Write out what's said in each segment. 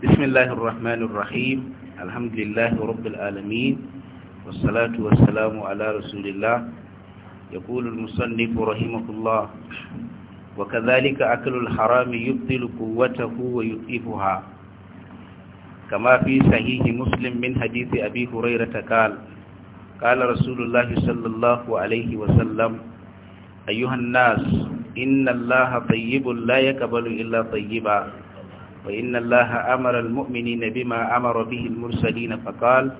بسم الله الرحمن الرحيم الحمد لله رب العالمين والصلاة والسلام على رسول الله يقول المصنف رحمه الله وكذلك أكل الحرام يبطل قوته ويضعفها كما في صحيح مسلم من حديث أبي هريرة قال قال رسول الله صلى الله عليه وسلم أيها الناس إن الله طيب لا يقبل إلا طيبا وإن الله أمر المؤمنين بما أمر به المرسلين فقال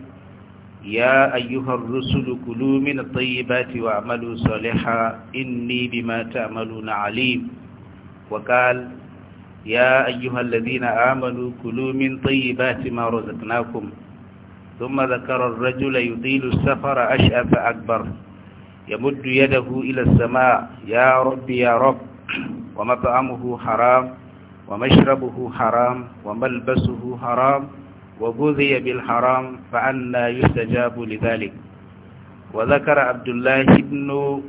يا أيها الرسل كلوا من الطيبات واعملوا صالحا إني بما تعملون عليم وقال يا أيها الذين آمنوا كلوا من طيبات ما رزقناكم ثم ذكر الرجل يطيل السفر أشأف أكبر يمد يده إلى السماء يا رب يا رب ومطعمه حرام ومشربه حرام وملبسه حرام وغذي بالحرام فأنا يستجاب لذلك وذكر عبد الله بن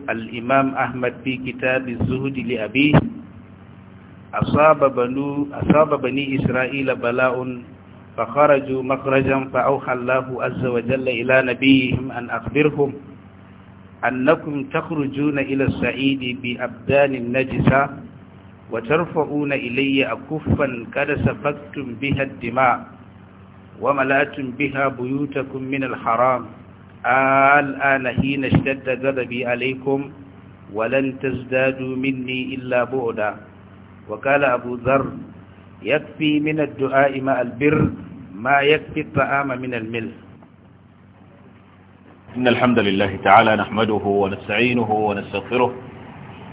الإمام أحمد في كتاب الزهد لأبيه أصاب, بنو أصاب بني إسرائيل بلاء فخرجوا مخرجا فأوحى الله عز وجل إلى نبيهم أن أخبرهم أنكم تخرجون إلى السعيد بأبدان نجسة وترفعون إلي أكفا قد سفكتم بها الدماء وملأتم بها بيوتكم من الحرام الآن حين اشتد غضبي عليكم ولن تزدادوا مني إلا بعدا وقال أبو ذر يكفي من الدعاء ما البر ما يكفي الطعام من الملح إن الحمد لله تعالى نحمده ونستعينه ونستغفره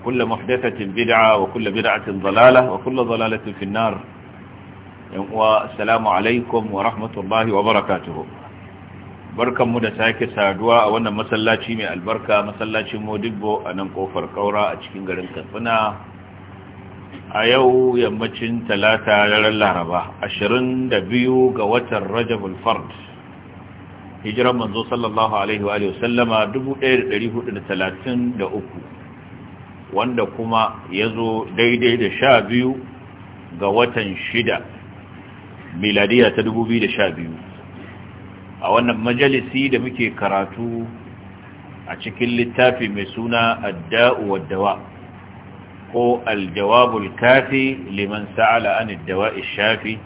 وكل محدثة بدعة وكل بدعة ضلالة وكل ضلالة في النار والسلام عليكم ورحمة الله وبركاته mu da sake saduwa a wannan masallaci mai albarka masallacin modibbo a nan kofar kaura a cikin garin katsina a yau yammacin talata ashirin laraba 22 ga watan rajabul fard hijiran manzo sallallahu alaihi wa sallama uku. wanda kuma ya zo daidai da sha biyu ga watan shida miladiya ta dubu biyu da sha biyu a wannan majalisi da muke karatu a cikin littafi mai suna adda'u waddawa ko aljawabul kafi liman sa'ala an addawa shafi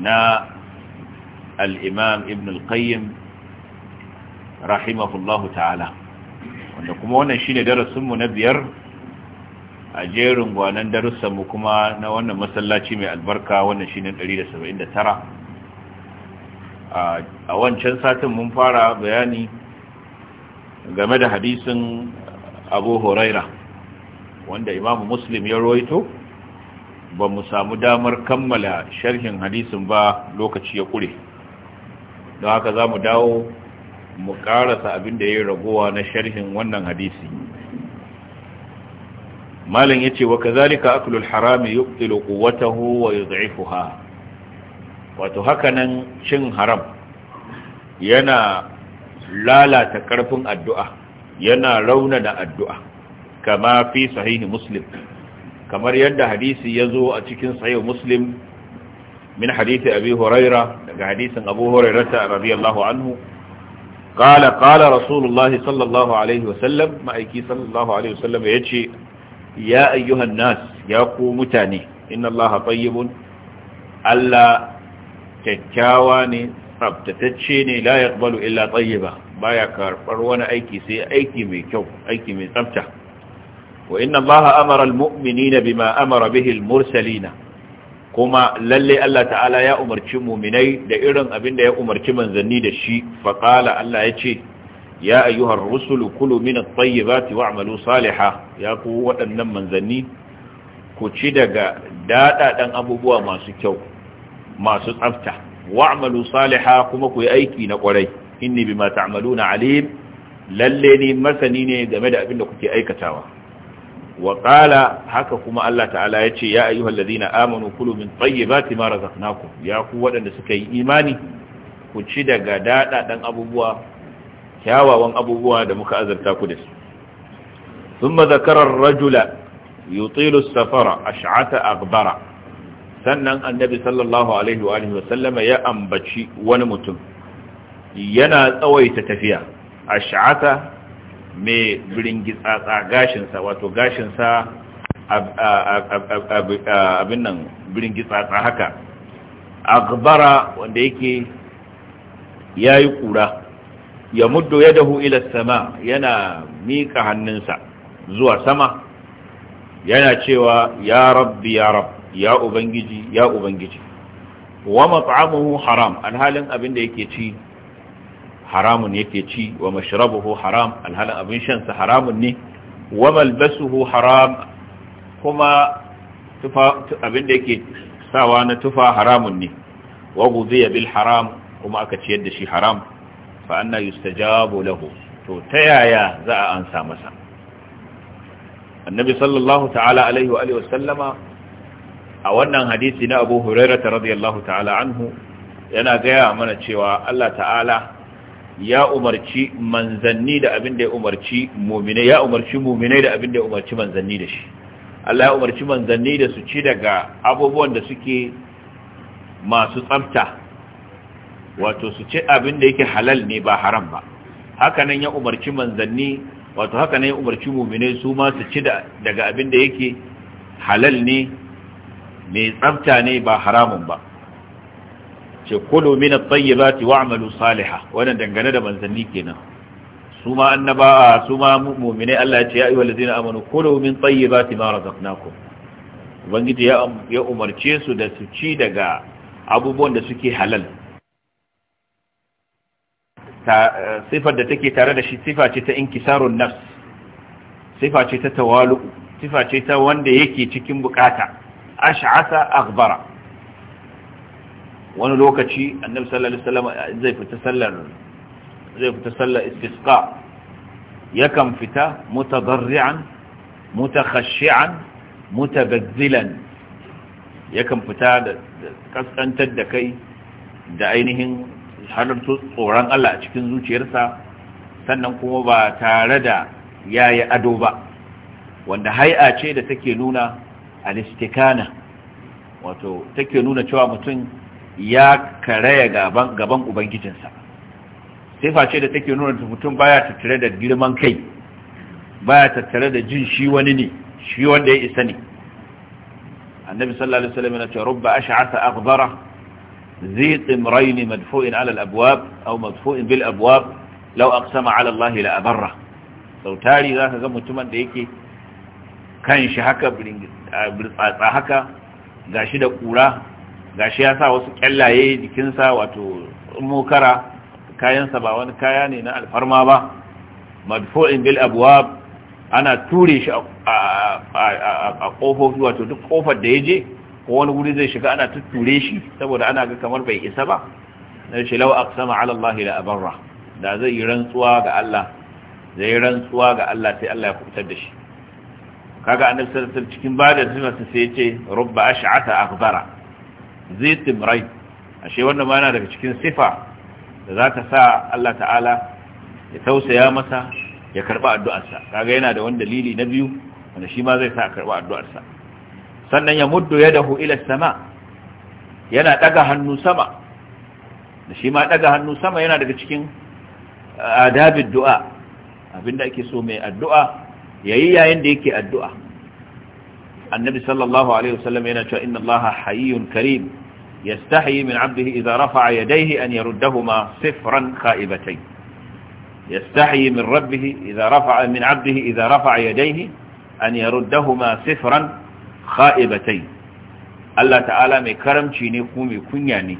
na al'imam ibn al-qayyim rahimahullahu ta'ala wanda kuma wannan shine darasinmu na biyar a jerin gwanan darussanmu kuma na wannan masallaci mai albarka wannan shine 179 a wancan satin mun fara bayani game da hadisin abu huraira wanda imamu muslim ya roito ba mu samu damar kammala sharhin hadisin ba lokaci ya kure don haka za mu dawo mu karasa abin da yi ragowa na sharhin wannan hadisi malam ce wa kazalika aklul harami yuqtilu quwwatahu wa yud'ifuha wato hakanan cin haram yana lalata karfin addu'a yana rauna da addu'a kama fi sahihi muslim kamar yadda hadisi ya zo a cikin sahihi muslim min hadisi abi huraira daga hadisin abu hurairata radiyallahu anhu qala qala rasulullahi sallallahu alaihi wasallam ma'aiki sallallahu alaihi wasallam yace ya ayyuhan nas ya ku mutane inna allaha tayyibun Allah kyakkyawa ne tsabtatacce ne la yaqbalu illa tayyiba baya karɓar wani aiki sai aiki mai kyau aiki mai tsabta wa inna allaha amara almu'minina bima amara bihi almursalina kuma lalle Allah ta'ala ya umarci muminai da irin abin da ya umarci manzanni da shi faƙala Allah ya ce ya ayyuhar rusulu kulu min at-tayyibati wa'malu saliha ya ku waɗannan manzanni ku ci daga dadadan abubuwa masu kyau masu tsafta wa'malu saliha kuma ku yi aiki na ƙwarai inni bima ta'maluna alim lalle ni masani ne game da abin da kuke aikatawa wa haka kuma Allah ta'ala ya ce ya ayyuhal ladina amanu kulu min tayyibati ma razaqnakum ya ku waɗanda suka yi imani ku ci daga daɗaɗen abubuwa kyawawan abubuwa da muka azarta ku da su thumma zakara rajula yutilu as-safara ash'ata aghbara sannan annabi sallallahu alaihi wa alihi wa sallama ya ambaci wani mutum yana tsawaita tafiya ash'ata mai biringitsatsa gashinsa wato gashinsa abin nan tsatsa haka agbara wanda yake ya yi ƙura ya muddo ya dahu sama yana miƙa hannunsa zuwa sama yana cewa ya rabbi ya rab ya ubangiji ya ubangiji wa mat'amuhu haram alhalin abin da yake ci haramun ke ci wa mashrabuhu haram alhalin abin shansa haramun ne wa malbasuhu haram kuma abin da yake sawa na tufa haramun ne wa guziya bil haram kuma aka ci da shi haram fa anna yustajabu lahu to ta yaya za a ansa masa annabi sallallahu ta'ala alaihi wa alihi wa sallama a wannan hadisi na abu hurairah radiyallahu ta'ala anhu yana gaya mana cewa Allah ta'ala ya umarci manzanni da abin da ya umarci mu'mine ya umarci mu'mine da abin da ya umarci manzanni da shi Allah ya umarci manzanni da su ci daga abubuwan da suke masu tsafta wato su ci abin da yake halal ne ba haram ba hakanan ya umarci manzanni wato hakanan ya umarci mu'mine su ma su ci daga abin da yake halal ne mai tsafta ne ba haramun ba ce kulu min at-tayyibati wa'malu salihah wannan dangane da manzanni kenan su ma annaba su ma mu'mini Allah ya ce ya ayyuhal ladina amanu kulu min tayyibati ma razaqnakum ubangiji ya ya umarce su da su ci daga abubuwan da suke halal ta sifar da take tare da shi sifa ce ta inkisarun nafs sifa ce ta tawalu sifa ce ta wanda yake cikin bukata ash'asa aghbara wani lokaci annabi sallallahu alaihi zai fita sallar zai fita sallar istisqa yakan fita mutadarri'an mutakhashshi'an mutabazzilan yakan fita da kaskantar da kai da ainihin halartar tsoron Allah a cikin zuciyarsa sannan kuma ba tare da yayi ado ba wanda hai'a ce da take nuna al wato take nuna cewa mutum ya karaya gaban ubangijinsa sifa ce da take nuna mutum baya tattare da girman kai baya tattare da jin shi wani ne shi wanda ya isa ne annabi sallallahu alaihi wasallam yana cewa rubba ash'atha aghbara zi timrayn madfu'in ala al-abwab aw madfu'in bil abwab law aqsama ala Allah la abarra sautari zaka ga mutumin da yake kan shi haka birtsatsa haka gashi da kura gashi ya sa wasu kyallaye jikinsa wato mokara. kayansa ba wani kaya ne na alfarma ba madfo'in bil abuwa. ana ture shi a kofofi wato duk kofar da ya je. ko wani wuri zai shiga ana tutture shi saboda ana ga kamar bai isa ba na shi law aqsama ala Allah da abarra da zai yi rantsuwa ga Allah zai yi rantsuwa ga Allah sai Allah ya kubutar da shi kaga annabi sallallahu alaihi wasallam cikin bada sunan sai ya ce rubba ash'ata akhbara zai timrai ashe wannan ma yana daga cikin sifa da za ta sa Allah ta'ala ya tausaya masa ya karba addu'arsa kaga yana da wani dalili na biyu wanda shi ma zai sa a karba addu'arsa sannan ya ya dahu ila sama yana daga hannu sama da shi ma daga hannu sama yana daga cikin uh, adabin du'a abinda ake so mai addu'a yayi yayin da yake addu'a annabi sallallahu alaihi wasallam yana cewa inna allaha hayyun karim yastahi min abdihi idza rafa'a yadayhi an yaruddahuma sifran kha'ibatayn yastahi Allah ta'ala mai karamci ne ko mai kunya ne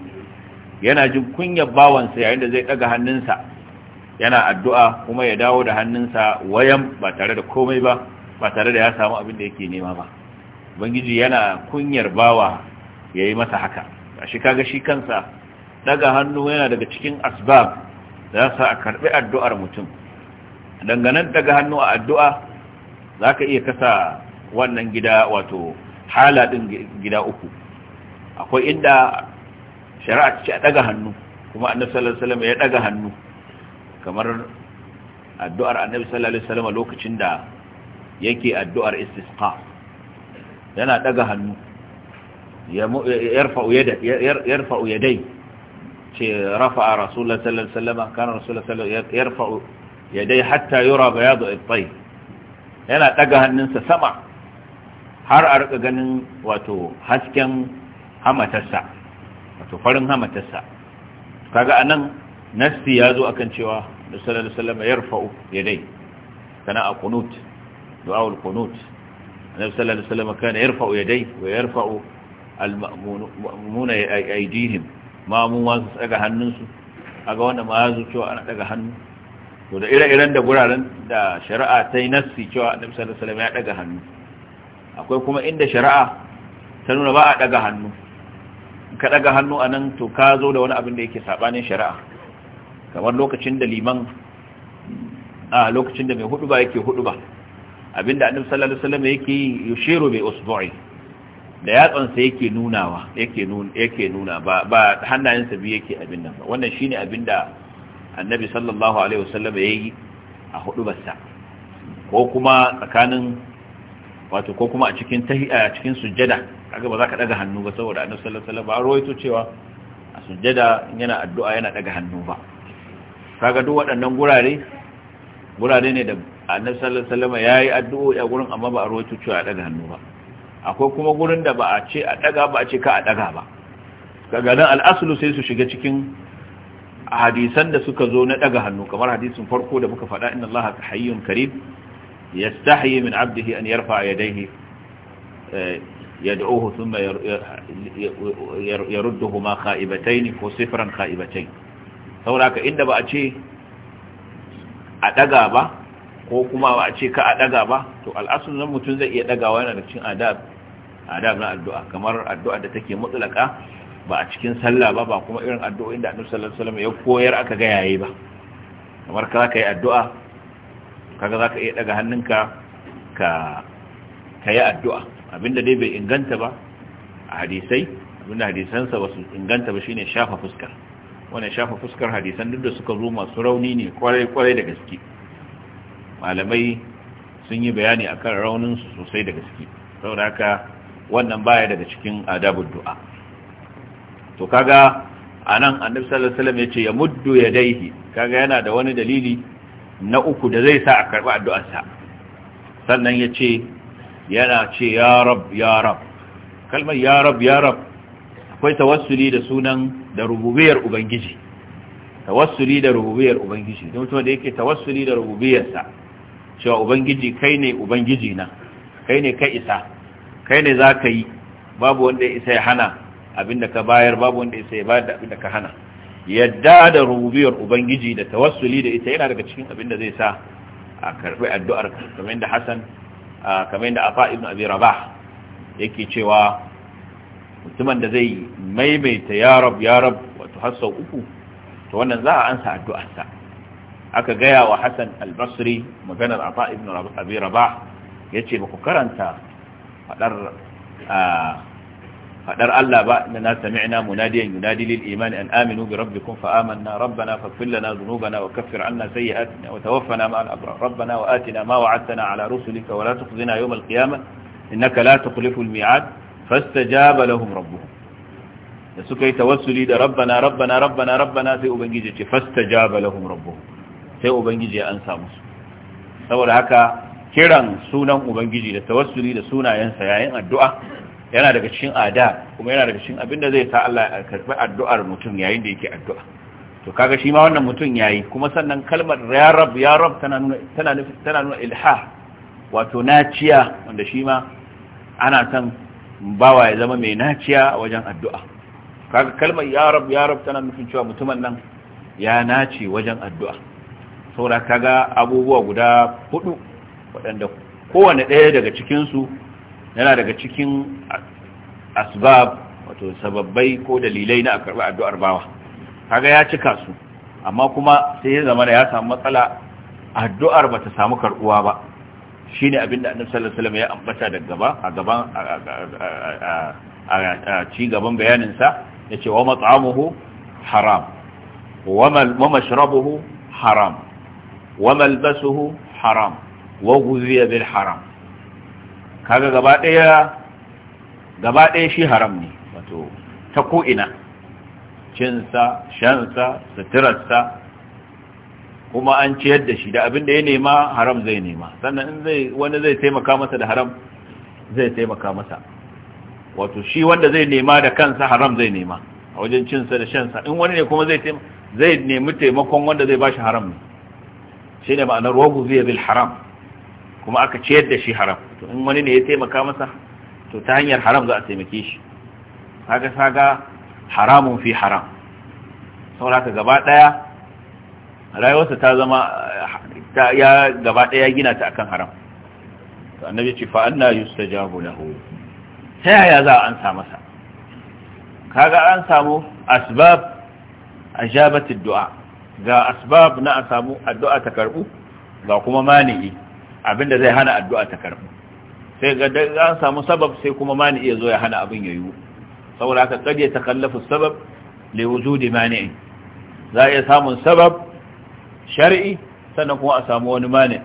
yana jin kunyar bawansa yayin da zai daga hannunsa yana addu'a kuma ya dawo da hannunsa wayan ba tare da komai ba ba tare da ya samu abin da yake nema ba ubangiji yana kunyar bawa ya yi masa haka shi kaga shi kansa daga hannu yana daga cikin asbab da sa a karbi addu'ar mutum danganan daga hannu a addu'a zaka iya kasa wannan gida wato hala din gida uku akwai inda shari'a ce a daga hannu kuma annabi sallallahu alaihi wasallam ya daga hannu kamar addu'ar annabi sallallahu alaihi wasallam lokacin da yake addu'ar istisqa yana daga hannu yarfa'u yadai ce rafa'a rasulullah sallallahu alaihi wasallam kana rasulullah sallallahu alaihi wasallam yarfa'u hatta yura bayadu at-tay yana ɗaga hannunsa sama har a rika ganin wato hasken hamatarsa wato farin hamatarsa kaga anan nassi ya zo akan cewa da sallallahu alaihi wasallam yarfa'u yadai kana a qunut du'a al-qunut annabi sallallahu alaihi wasallam kana yarfa'u al-ma'muna aydihim ma'muma su daga hannunsu aga wanda ma yazo cewa ana daga hannu to da ire-iren da guraren da shari'a ta yi nassi cewa annabi sallallahu alaihi wasallam ya daga hannu akwai kuma inda shari'a ta nuna ba a daga hannu ka daga hannu anan to ka zo da wani abin da yake sabanin shari'a kamar lokacin da liman a lokacin da mai hudu ba yake hudu ba abinda annabi sallallahu alaihi wasallam yake yushiru bi usbu'i da yatsansa yake nunawa yake nuna yake nuna ba ba hannayensa biyu yake abin nan ba wannan shine abin da annabi sallallahu alaihi wasallam yi a hudu bassa ko kuma tsakanin wato ko kuma a cikin a cikin sujjada kaga ba za ka daga hannu ba saboda annabi sallallahu alaihi wasallam ba rawaito cewa a sujjada yana addu'a yana daga hannu ba kaga duk waɗannan gurare gurare ne da annabi sallallahu alaihi wasallam yayi addu'o'i a gurin amma ba rawaito cewa daga hannu ba akwai kuma gurin da ba a ce a daga ba a ce ka a daga ba daga al'asulu sai su shiga cikin hadisan da suka zo na daga hannu kamar hadisin farko da muka faɗa inna Allah ka hayyun karim yastahi min abdihi an yarfa yadayhi eh, yad'uhu thumma yarudduhuma kha'ibatayn ko sifran kha'ibatayn saboda inda ba a ce a daga ba ko kuma ba a ce ka a daga ba to al'asun mutum zai iya dagawa yana da cin adab adab na addu'a kamar addu'a da take mutlaka ba a cikin sallah ba ba kuma irin addu’o’i da annabi sallallahu alaihi ya koyar aka ga yayi ba kamar ka ka yi addu'a kaga zaka iya daga hannunka ka ka yi addu'a abinda dai bai inganta ba a hadisai abinda hadisansa ba su inganta ba shine shafa fuskar Wani shafa fuskar hadisan duk da suka zo masu rauni ne kwarai kwarai da gaske malamai sun yi bayani akan raunin su sosai da gaske saboda haka wannan baya daga cikin adabun du'a to kaga anan annabi sallallahu alaihi wasallam yace ya muddu yadayhi kaga yana da wani dalili na uku da zai sa a karba addu'arsa sannan yace yana ce ya rab ya rab kalmar ya rab ya rab akwai tawassuli da sunan da rububiyar ubangiji tawassuli da rububiyar ubangiji don mutum da yake tawassuli da sa cewa ubangiji kai ne ubangiji na kai ne ka isa kai ne za ka yi babu wanda ya isa ya hana abinda ka bayar babu wanda isa ya bayar da abinda ka hana yadda da rububiyar ubangiji da tawassuli da ita yana daga cikin abinda zai sa a karbi addu'ar kamar da hasan kamar da Afa ibn Abi Rabah yake cewa mutumin da zai maimaita ya rab ya rab wato har sau uku to wannan za a ansa addu'arsa aka gaya wa Hassan al-Basri maganar Afa ibn Abi Rabah yace ba ku karanta فدر فدر الله بأننا سمعنا مناديا ينادي للإيمان أن آمنوا بربكم فآمنا ربنا فاغفر لنا ذنوبنا وكفر عنا سيئاتنا وتوفنا مع الأبرار ربنا وآتنا ما وعدتنا على رسلك ولا تخزنا يوم القيامة إنك لا تخلف الميعاد فاستجاب لهم ربهم لسكي توسلي دا ربنا ربنا ربنا ربنا في أبنجيجة فاستجاب لهم ربهم في أبنجيجة أنسى مسلم سوى لهكا kiran sunan ubangiji da tawassuli da sunayensa yayin addu'a yana daga cikin ada kuma yana daga cikin abinda zai sa Allah ya karbi addu'ar mutum yayin da yake addu'a to kaga shi ma wannan mutum yayi kuma sannan kalmar ya rab ya rab tana nuna ilha wato naciya wanda shi ma ana san bawa ya zama mai naciya a wajen addu'a kaga kalmar ya rab ya rab tana nufin cewa mutumin nan ya nace wajen addu'a saboda kaga abubuwa guda hudu waɗanda kowane ɗaya daga cikinsu yana daga cikin asbab wato sababbai ko dalilai na a karɓi addu'ar bawa kaga ya cika su amma kuma sai ya zama da ya samu matsala addu'ar ba ta samu karɓuwa ba shi ne abinda annabi sallallahu alaihi wasallam ya ambata da gaba a gaban a ci gaban bayaninsa ya ce wa mat'amuhu haram wa mashrabuhu haram wa malbasuhu haram wa guziya bil haram kaga gaba ɗaya gaba ɗaya shi haram ne wato ta ko'ina cinsa shansa suturarsa kuma an ciyar da shi da abin da ya nema haram zai nema sannan in wani zai taimaka masa da haram zai taimaka masa wato shi wanda zai nema da kansa haram zai nema a wajen cinsa da shansa in wani ne kuma zai nemi taimakon wanda zai bashi haram ne shi ne ma'anar wagu zai bil haram kuma aka ciyar da shi haram to in wani ne ya taimaka masa to ta hanyar haram za a taimake shi kaga saga haramun fi haram sauraka gaba daya rayuwarsa ta zama ta ya gaba daya gina ta akan haram to annabi ce fa anna yustajabu lahu ta yaya za a sa? masa kaga an samu asbab ajabatu du'a ga asbab na a samu addu'a ta karbu ga kuma mani'i abinda zai hana addu'a ta karbu sai ga an samu sabab sai kuma mani iya zo ya hana abin ya yiwu saboda haka kaje ta kallafa sabab li wujudi mani za iya samun sabab shar'i sannan kuma a samu wani mani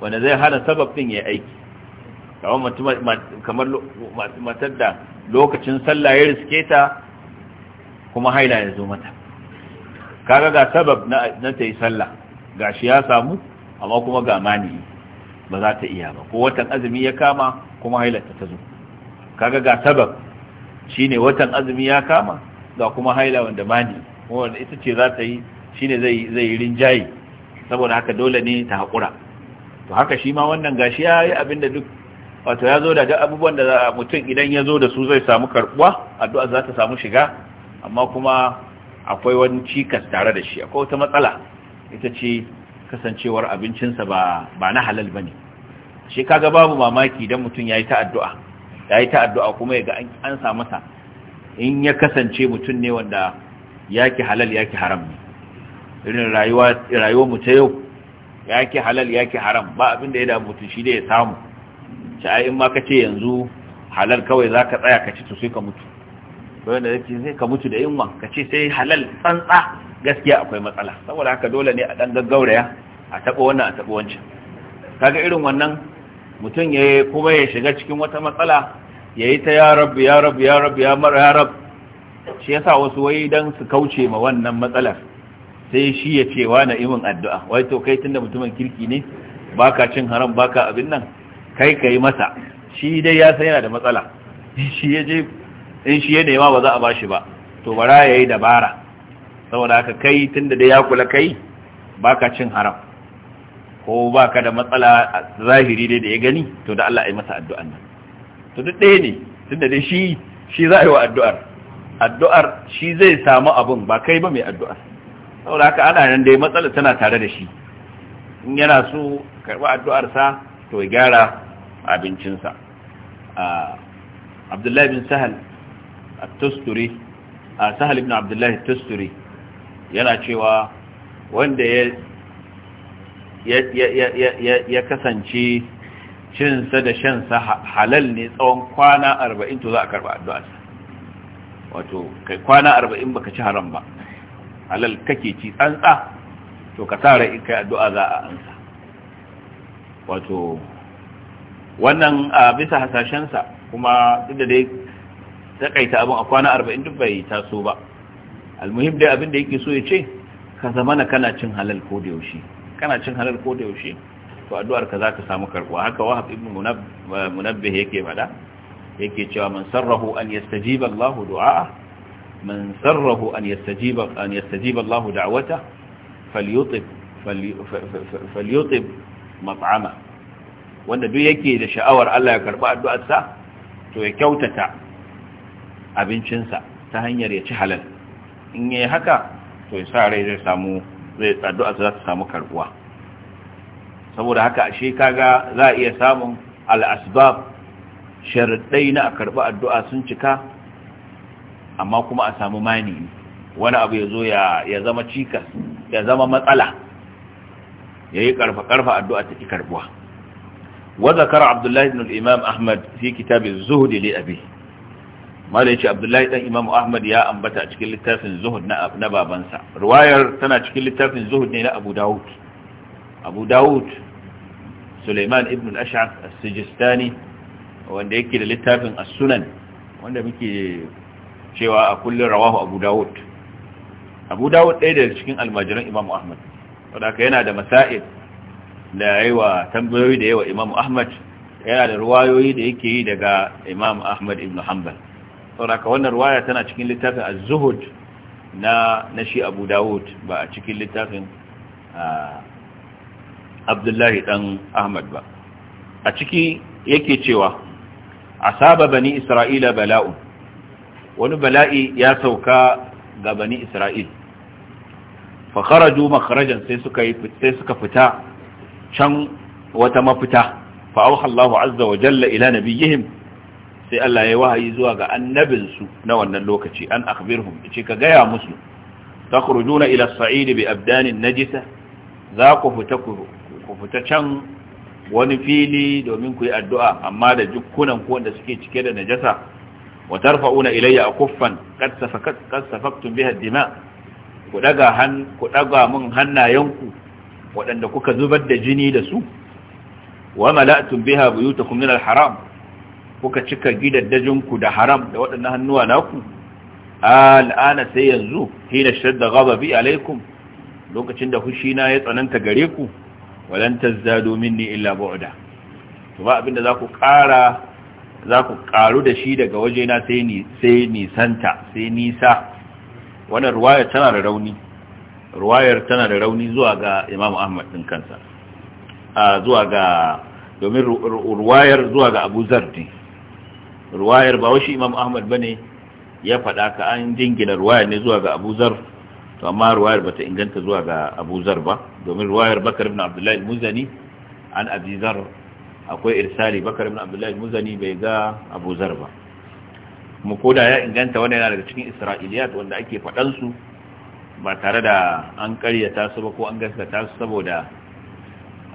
wanda zai hana sabab din ya aiki kamar matar da lokacin sallah ya riske ta kuma haila ya zo mata kaga ga sabab na ta yi sallah gashi ya samu amma kuma ga mani ba za ta iya ba ko watan azumi ya kama kuma hailarta ta zo kaga ga sabab shine watan azumi ya kama ga kuma haila wanda mani wanda ita ce za ta yi shine zai zai yi rinjayi saboda haka dole ne ta hakura to haka shi ma wannan gashi ya yi abinda duk wato ya zo da duk abubuwan da mutum idan ya zo da su zai samu karbuwa addu'a za ta samu shiga amma kuma akwai wani cikas tare da shi akwai wata matsala ita ce kasancewar abincinsa ba ba na halal ba bane shi kaga babu mamaki idan mutum yayi ta addu'a yayi ta addu'a kuma yaga an sa masa in ya kasance mutum ne wanda yaki halal yaki haram ne irin rayuwa mu ta yau yaki halal yake haram ba abin da ya da mutum shi da ya samu sai in ma ce yanzu halal kawai zaka tsaya ka ci to sai ka mutu wanda yake sai ka mutu da yunwa ka ce sai halal tsantsa gaskiya akwai matsala saboda haka dole ne a dan gaggauraya a taɓa wannan a taɓa wancan kaga irin wannan mutum ya yi kuma ya shiga cikin wata matsala ya yi ta ya rabu ya rabu ya rabu ya mara ya rabu shi ya sa wasu wai don su kauce ma wannan matsalar sai shi ya ce wa na imin addu'a wai to kai tunda mutumin kirki ne ba ka cin haram ba ka abin nan kai ka yi masa shi dai ya san yana da matsala in shi ya nema ba za a ba shi ba to bara ya yi dabara saboda haka kai tunda da ya kula kai baka cin haram ko baka da matsala zahiri dai da ya gani to da Allah ya masa addu'an nan to duk ɗaya ne tunda dai shi shi za a yi wa addu'ar addu'ar shi zai samu abun ba kai ba mai addu'ar saboda haka ana nan dai matsala tana tare da shi in yana so karɓi sa, to ya gyara abincinsa abdullahi bin sahal a tusturi a sahal ibn abdullahi tusturi yana cewa wanda ya kasance cinsa da shansa halal ne tsawon kwana arba'in to za a karba addu'arsa wato kai kwana arba'in baka ci haram ba halal kake ci tsantsa to ka tsara in kai addu'a za a ansa wato wannan a bisa hasashensa kuma duk da dai takaita abin a kwana arba'in duk bai taso ba almuhim dai abin da yake so ya ce ka zama na kana cin halal ko da yaushe kana cin halal ko da yaushe to addu'ar ka zaka samu karbuwa haka wahab ibn munabbih yake fada yake cewa man sarrahu an yastajiba Allah du'a man sarrahu an yastajiba an yastajiba Allah da'wata falyutib falyutib mat'ama wanda duk yake da sha'awar Allah ya karba addu'arsa to ya kyautata abincinsa ta hanyar ya ci halal in yayi haka to ya sa rai zai samu zai addu'a za ta samu karbuwa saboda haka ashe kaga za a iya samun al sharaɗai na karbi addu'a sun cika amma kuma a samu mani wani abu ya zo ya zama cikas ya zama matsala ya yi karfa-karfa addu'a ta ki karbuwa wadda kara abdullahi ibn imam ahmad fi kitabin zuhudi li abi malai ce abdullahi dan imamu ahmad ya ambata a cikin littafin zuhud na na babansa ruwayar tana cikin littafin zuhud ne na abu dawud abu dawud suleiman ibn al-ash'ab as-sijistani wanda yake da littafin as-sunan wanda muke cewa a kullun rawahu abu dawud abu dawud ɗaya daga cikin almajiran imamu ahmad wanda yana da masail da yawa tambayoyi da yawa imamu ahmad yana da ruwayoyi da yake yi daga imam ahmad ibn hanbal sauraka wannan ruwaya tana cikin littafin az-zuhud na na shi abu dawud ba a cikin littafin abdullahi dan ahmad ba a ciki yake cewa asaba bani isra'ila Bala'u, wani bala'i ya sauka ga bani isra'il fa kharaju makharajan sai suka yi sai suka fita can wata mafita fa auha Allahu azza wa jalla ila nabiyihim sai Allah ya wahayi zuwa ga annabinsu na wannan lokaci an akhbirhum ce ka gaya musu takhrujuna ila as bi abdanin najisa za ku fita can wani fili domin ku yi addu'a amma da jukkunan ku wanda suke cike da najasa wa tarfa'una ilayya a qad safakat qad safaktum biha dima ku daga mun hannayenku waɗanda kuka zubar da jini da su wa mala'tum biha buyutakum min haram kuka cika gidaddajinku da haram da waɗannan hannuwa naku al'ana sai yanzu hina shadda ghadabi alaikum lokacin da hushina na ya tsananta gare ku walan tazdadu minni illa bu'da to ba abinda zaku ƙara ku ƙaru da shi daga waje na sai ni sai ni santa sai nisa wannan ruwayar tana da rauni ruwayar tana da rauni zuwa ga Imam Ahmad din kansa a zuwa ga domin ruwayar zuwa ga Abu Zardi ruwayar ba washi imam ahmad bane ya faɗa ka an jingina ruwayar ne zuwa ga abuzar to amma ruwayar bata inganta zuwa ga abuzar ba domin ruwayar bakar ibn abdullahi muzani an abi akwai irsali bakar ibn abdullahi muzani bai ga abuzar ba kuma koda ya inganta wannan yana daga cikin isra'iliyat wanda ake faɗan su ba tare da an karyata su ba ko an gaskata su saboda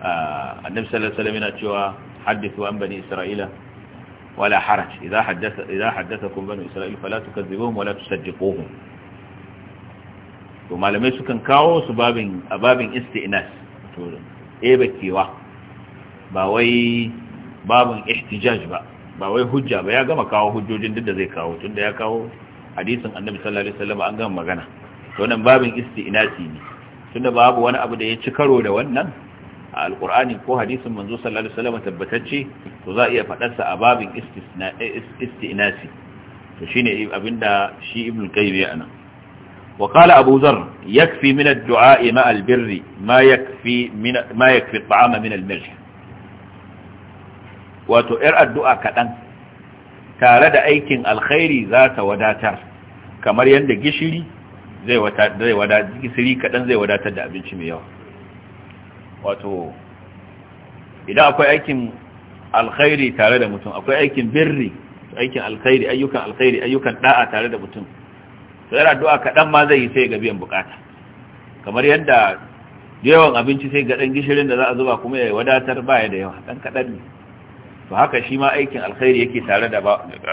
ah, annabi sallallahu alaihi wasallam yana cewa hadithu an bani isra'ila ولا حرج إذا, حدث إذا حدثكم بنو إسرائيل فلا تكذبوهم ولا تصدقوهم to malamai sukan kawo su babin babin isti'nas to ebakewa ba wai babin ihtijaj ba ba wai hujja ba ya gama kawo hujjojin duk da zai kawo tunda ya kawo hadisin annabi sallallahu alaihi wasallam an gama magana to nan babin isti'nasi ne tunda babu wani abu da ya ci karo da wannan a alkur'ani ko hadisin manzo sallallahu alaihi wasallam tabbatacce to za a iya sa a babin eh, istinasi to shine abinda shi ibn qayyim ya anan wa qala abu zar yakfi min ad-du'a ma al-birr ma yakfi min ma yakfi at-ta'am min al-milh wato yar addu'a kadan tare da aikin alkhairi za ta wadatar kamar yanda gishiri zai zai wadatar gishiri kadan zai wadatar da abinci mai yawa wato idan akwai aikin alkhairi tare da mutum akwai aikin birri aikin alkhairi ayyukan alkhairi ayyukan da'a tare da mutum to yana addu'a kaɗan ma zai yi sai ga biyan bukata kamar yadda yawan abinci sai ga ɗan gishirin da za a zuba kuma ya wadatar baya da yawa ɗan kaɗan ne to haka shi ma aikin alkhairi yake tare da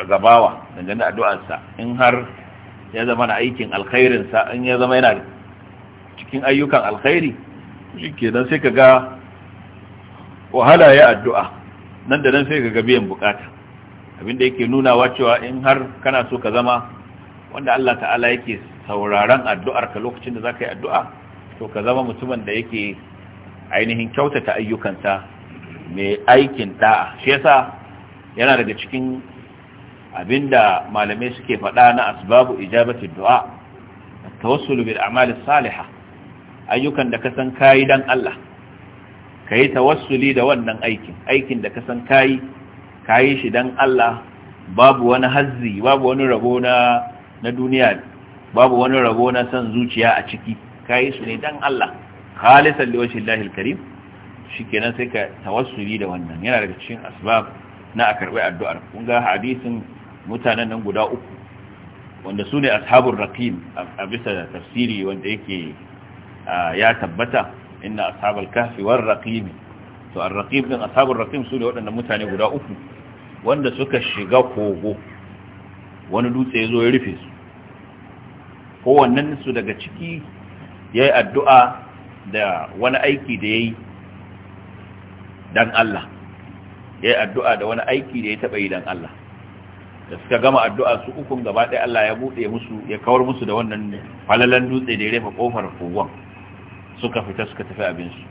gabawa dangane da addu'arsa in har ya zama na aikin alkhairinsa in ya zama yana cikin ayyukan alkhairi shi kenan sai ka ga wahala ya addu'a nan da nan sai ka ga biyan bukata abinda yake nunawa cewa in har kana so ka zama wanda Allah ta'ala yake sauraron addu'ar ka lokacin da za yi addu'a to ka zama mutumin da yake ainihin kyautata ayyukansa mai aikin da'a shi yasa yana daga cikin abinda malamai suke faɗa na asbabu ijabati du'a tawassulu bil a'malis salihah ayyukan da ka san kayi dan Allah ka yi tawassuli da wannan aikin aikin da ka san kayi kayi shi dan Allah babu wani hazzi babu wani rabo na na duniya babu wani rabo na san zuciya a ciki kayi su ne dan Allah khalisan liwajhi Allahil karim shikenan sai ka tawassuli da wannan yana daga cikin asbab na a karbi addu'ar kun ga hadisin mutanen nan guda uku wanda su ne ashabul raqim a bisa tafsiri wanda yake ya tabbata inna ashabal kahfi war raqim to ar-raqib din ashabul raqim su ne wadannan mutane guda uku wanda suka shiga kogo wani dutse ya ya rufe su Ko wannan su daga ciki yayi addu'a da wani aiki da yayi dan Allah yayi addu'a da wani aiki da ya taba yi dan Allah da suka gama addu'a su ukun gaba ɗaya Allah ya buɗe musu ya kawar musu da wannan falalan dutse da ya rufe kofar kogon suka fita suka tafi abinsu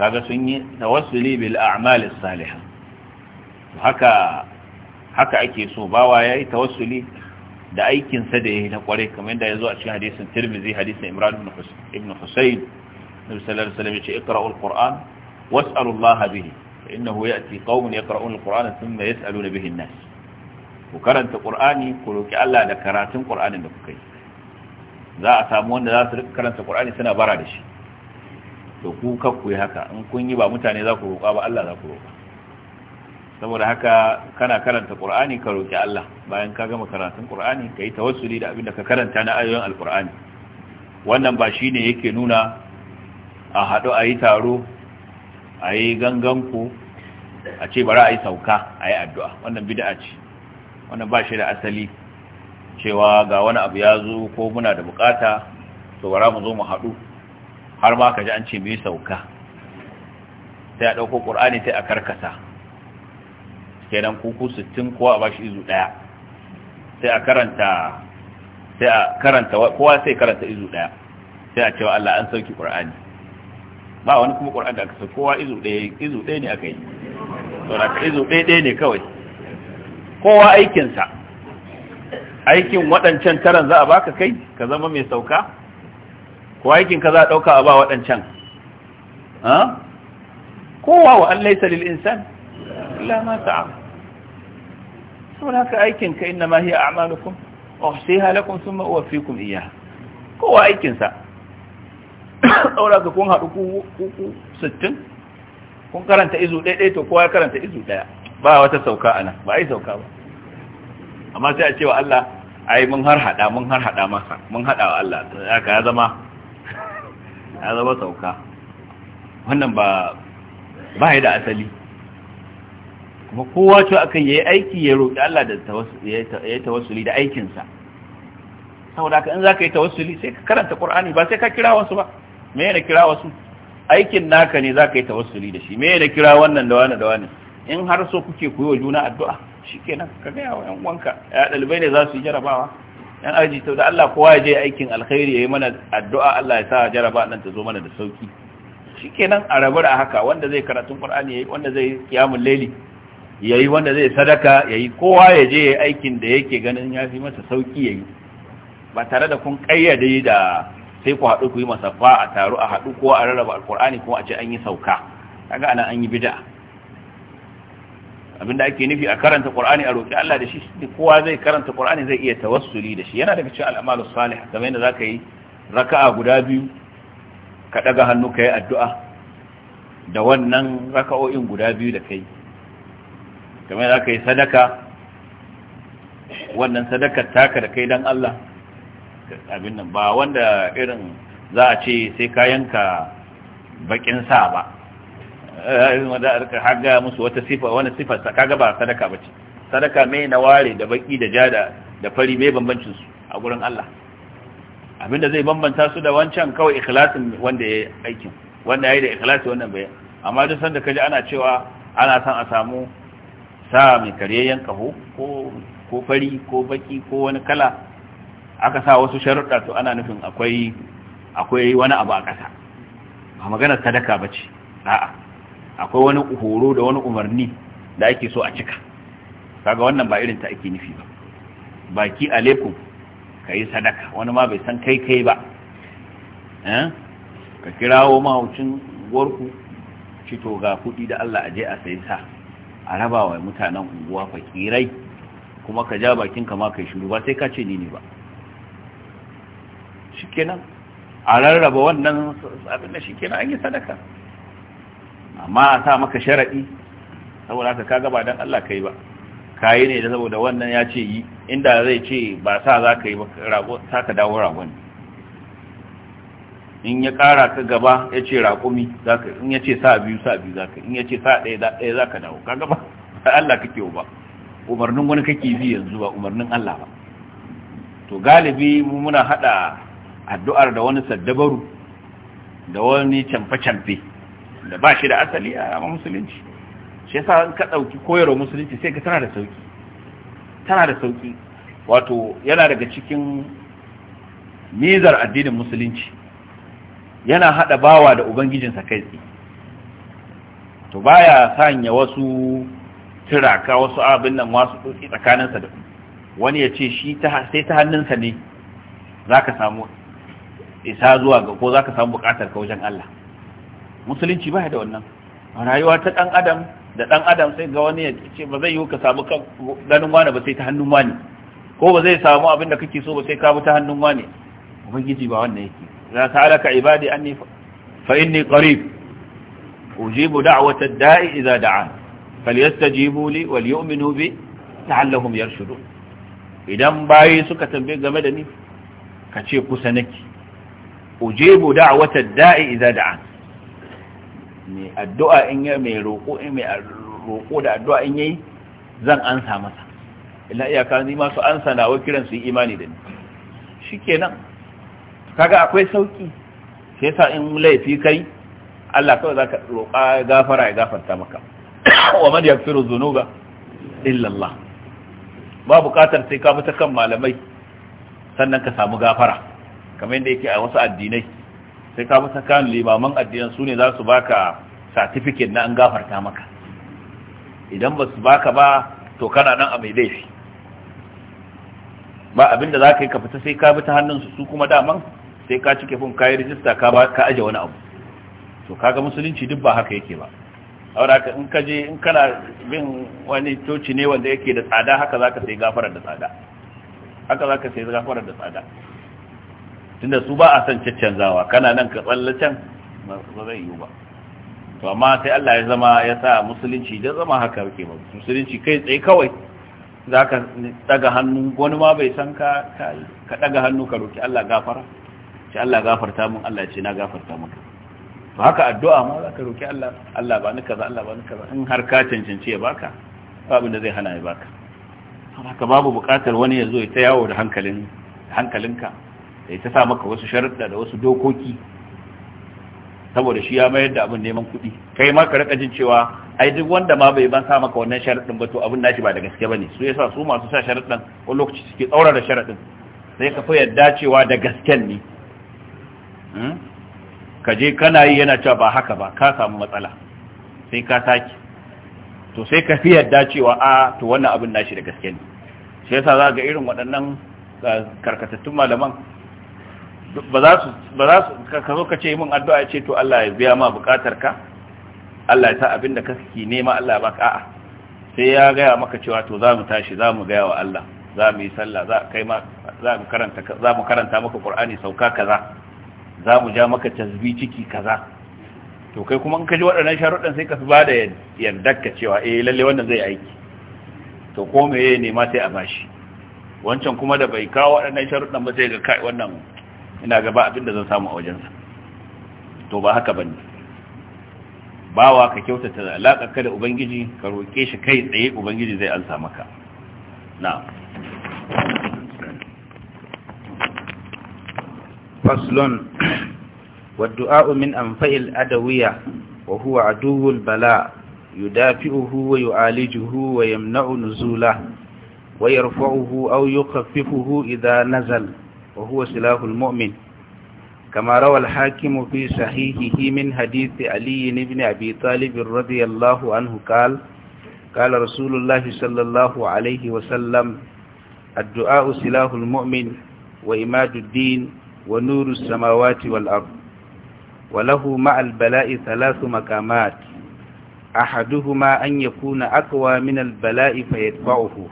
kaga sun yi tawassuli bil a'mal as-salihah haka haka ake so bawa yayi tawassuli da aikin sa da yayi na kware kamar yadda yazo a cikin hadisin Tirmidhi hadisin Imran ibn Husayn ibn Husayn Nabi sallallahu alaihi wasallam yace iqra'u al-Qur'an was'alu Allah bihi innahu ya'ti qaumun yaqra'una al-Qur'ana thumma yas'aluna bihi an-nas ku karanta Qur'ani ku roki Allah da karatun Qur'anin da kuka yi za a samu wanda za su rika karanta Qur'ani suna bara da shi to ku kakku yi haka in kun yi ba mutane za ku roƙa ba Allah za ku roƙa saboda haka kana karanta Qur'ani ka roƙi Allah bayan ka gama karatun Qur'ani ka yi tawassuli da abin da ka karanta na ayoyin al wannan ba shine yake nuna a haɗu a yi taro a yi ganganku a ce bari a yi sauka a yi addu'a wannan bid'a ce wannan ba shi da asali cewa ga wani abu ya zo ko muna da bukata to bara mu zo mu haɗu har ma ka ji an ce mai sauka sai a ɗauko ƙur'ani sai a karkasa nan kuku 60 kowa a bashi izu ɗaya sai a karanta sai a karanta kowa sai karanta izu ɗaya sai a cewa Allah an sauki ƙur'ani ba wani kuma ƙur'ani da aka sauki kowa izu ɗaya izu ɗaya ne aka yi saboda izu ɗaya ɗaya ne kawai kowa aikinsa aikin waɗancan taran za a baka kai ka zama mai sauka ko aikin ka za a ɗauka a ba waɗancan kowa wa an laisa lil insan illa ma sa'a saboda haka aikin ka inna ma hiya a'malukum uhsiha lakum thumma uwaffikum iyyaha kowa aikin sa ka kun haɗu ku 60 kun karanta izu ɗaya to kowa ya karanta izu ɗaya ba wata sauka ana ba ai sauka ba amma sai a cewa Allah ai mun har hada mun har hada masa mun hada wa Allah haka ya zama ya zama sauka wannan ba ba ya da asali kuma kowa to akan yi aiki ya roƙi Allah da yayi tawassuli da aikinsa saboda haka in za ka yi tawassuli sai ka karanta Qur'ani ba sai ka kira wasu ba me yana kira wasu aikin naka ne za ka yi tawassuli da shi me yana kira wannan da wani da wani in har so kuke koyo juna addu'a shikenan ka ga wa yan uwanka ya dalibai ne za su yi jarabawa yan aji sau da Allah kowa ya je aikin alkhairi yayi mana addu'a Allah ya sa jaraba nan ta zo mana da sauki shi shikenan a rabar a haka wanda zai karatun ya yi wanda zai kiyamun laili yayi wanda zai sadaka ya yi kowa ya je yayi aikin da yake ganin ya fi masa sauki yi. ba tare da kun ƙayyade da sai ku haɗu ku yi a taro a haɗu ko a rarraba Alƙur'ani ko a ce an yi sauka kaga anan an yi bid'a abinda ake nufi a karanta qur'ani a roki Allah da shi kowa zai karanta qur'ani zai iya tawassuli da shi yana daga cikin al'amalus salih kamar yadda zaka yi raka'a guda biyu ka daga hannu kai addu'a da wannan raka'o'in guda biyu da kai kamar yadda zaka yi sadaka wannan sadakar taka da kai dan Allah abin nan ba wanda irin za a ce sai ka yanka bakin sa ba haga musu wata sifa wani sifar ta kaga ba sadaka bace sadaka mai na ware da baki da jada da fari mai bambancin su a gurin Allah abinda zai bambanta su da wancan kawai ikhlasin wanda ya aikin wanda yayi da ikhlasi wannan bai amma duk sanda kaji ana cewa ana san a samu sa mai karyayyen kaho ko ko fari ko baki ko wani kala aka sa wasu sharuɗa to ana nufin akwai akwai wani abu a ƙasa ba maganar sadaka bace a'a akwai wani horo da wani umarni da ake so a cika kaga wannan ba irin ta ake nufi ba baki alaikum ka sadaka wani ma bai san kai kai ba eh? ka kirawo mahaucin warku cito ga kudi da Allah aje a sai sa a raba wa mutanen unguwa fakirai kuma ka ja bakin ka ma kai shiru ba sai ka ce ni ne ba shikenan a rarraba wannan abin da shikenan an yi sadaka amma a sa maka sharaɗi saboda haka ka gaba don Allah kai ba ka yi ne saboda wannan ya ce yi inda zai ce ba sa za ka yi ba rago sa ka dawo ragon in ya ƙara ka gaba ya ce raƙumi in ya ce sa biyu sa biyu za ka in ya ce sa ɗaya ɗaya za ka dawo ka gaba ba Allah kewa ba umarnin wani kake bi yanzu ba umarnin Allah ba to galibi muna haɗa addu'ar da wani saddabaru da wani camfe-camfe da ba shi da asali a musulunci shi yasa ka ɗauki koyarwa musulunci sai ka tana da sauki tana da sauki wato yana daga cikin mizar addinin musulunci yana haɗa bawa da ubangijinsa kai tsaye to baya sanya wasu turaka wasu abin nan wasu tsotsi tsakaninsa da wani ya ce shi sai ta hannunsa ne za ka samu isa zuwa ga ko za ka samu bukatar ka wajen Allah musulunci ba da wannan rayuwa ta ɗan adam da ɗan adam sai ga wani ya ce ba zai yi ka samu ganin wani ba sai ta hannun wani ko ba zai samu abin da kake so ba sai ka ta hannun wani ubangiji ba wannan yake za ta alaka ibadi an anni fa inni qarib ujibu da'wata da'i idza da'an falyastajibu li wal yu'minu bi la'allahum yarshudun idan bayi suka tambaye game da ni ka ce kusa nake ujibu da'wata da'i idza da'an mai addu'a in ya mai roƙo da addu'a in yi zan ansa masa Ina iyaka ni masu su ansa na kiran su yi imani da ni shikenan kaga akwai sauki sai sa in laifi kai Allah kawai zaka roƙa gafara ya gafarta maka wa man yaghfiru dhunuba ba buƙatar sai ka fi ta kan malamai sannan ka samu gafara kamar yadda yake a wasu addinai sai ka bi tsakanin limaman addinan su ne za su baka satifikin na an gafarta maka idan ba su baka ba to kana nan a mai laifi ba abinda za ka yi ka fita sai ka bi ta hannunsu su kuma daman sai ka cike fun kayi rijista ka aje wani abu to kaga musulunci duk ba haka yake ba awar haka in ka je in kana bin wani coci ne wanda yake da tsada haka za ka sai gafarar da tsada haka za ka sai gafarar da tsada tunda su ba a son caccanzawa kana nan ka tsallacen can ba zai yiwu ba to amma sai Allah ya zama ya sa musulunci da zama haka yake ba musulunci kai tsaye kawai zaka daga hannu wani ma bai san ka ka daga hannu ka roki Allah gafara ce Allah gafarta mun Allah ya ce na gafarta maka to haka addu'a ma za ka roki Allah Allah ba ni kaza Allah ba ni kaza in har ka cancanci ya baka babu da zai hana ya baka haka babu bukatar wani ya zo ya ta yawo da hankalin hankalinka da ta sa maka wasu sharuɗa da wasu dokoki saboda shi ya mayar da abin neman kuɗi kai ma ka rika jin cewa ai duk wanda ma bai ban sa maka wannan sharuɗin ba to abin nashi ba da gaske bane su yasa su masu sa sharaɗin ko lokaci suke tsaurara sharaɗin sai ka fi yadda cewa da gasken ne hmm? ka je kana yi yana cewa ba haka ba ka samu matsala sai ka sake to sai ka fi yadda cewa a to wannan abin nashi da gaske ne shi yasa za ga irin waɗannan uh, karkatattun malaman ba za su ba za su ka zo ka ce min addu'a ya ce to Allah ya biya ma bukatar ka Allah ya sa abin da kake nema Allah ya baka a'a sai ya gaya maka cewa to za mu tashi za mu gaya wa Allah za mu yi sallah za kai ma za mu karanta za mu karanta maka Qur'ani sauka kaza za mu ja maka tasbi ciki kaza to kai kuma in ka ji waɗannan sharuɗan sai ka su bada ka cewa eh lalle wannan zai aiki to ko me ne ma sai a bashi wancan kuma da bai kawo waɗannan sharuɗan ba sai ga kai wannan ina gaba abin da zan samu a wajensa to ba haka bane bawa ka kyautata alaka ka da ubangiji ka roke shi kai tsaye ubangiji zai ansa maka na'am faslon wadda min anfa'il wuya, wa huwa aduwul bala yudafi'uhu wa yu'alijuhu wa yamna'u nuzula wa yarfa'uhu aw yukhaffifuhu idha nazala وهو سلاح المؤمن كما روى الحاكم في صحيحه من حديث علي بن أبي طالب رضي الله عنه قال قال رسول الله صلى الله عليه وسلم الدعاء سلاح المؤمن وإماد الدين ونور السماوات والأرض وله مع البلاء ثلاث مقامات أحدهما أن يكون أقوى من البلاء فيدفعه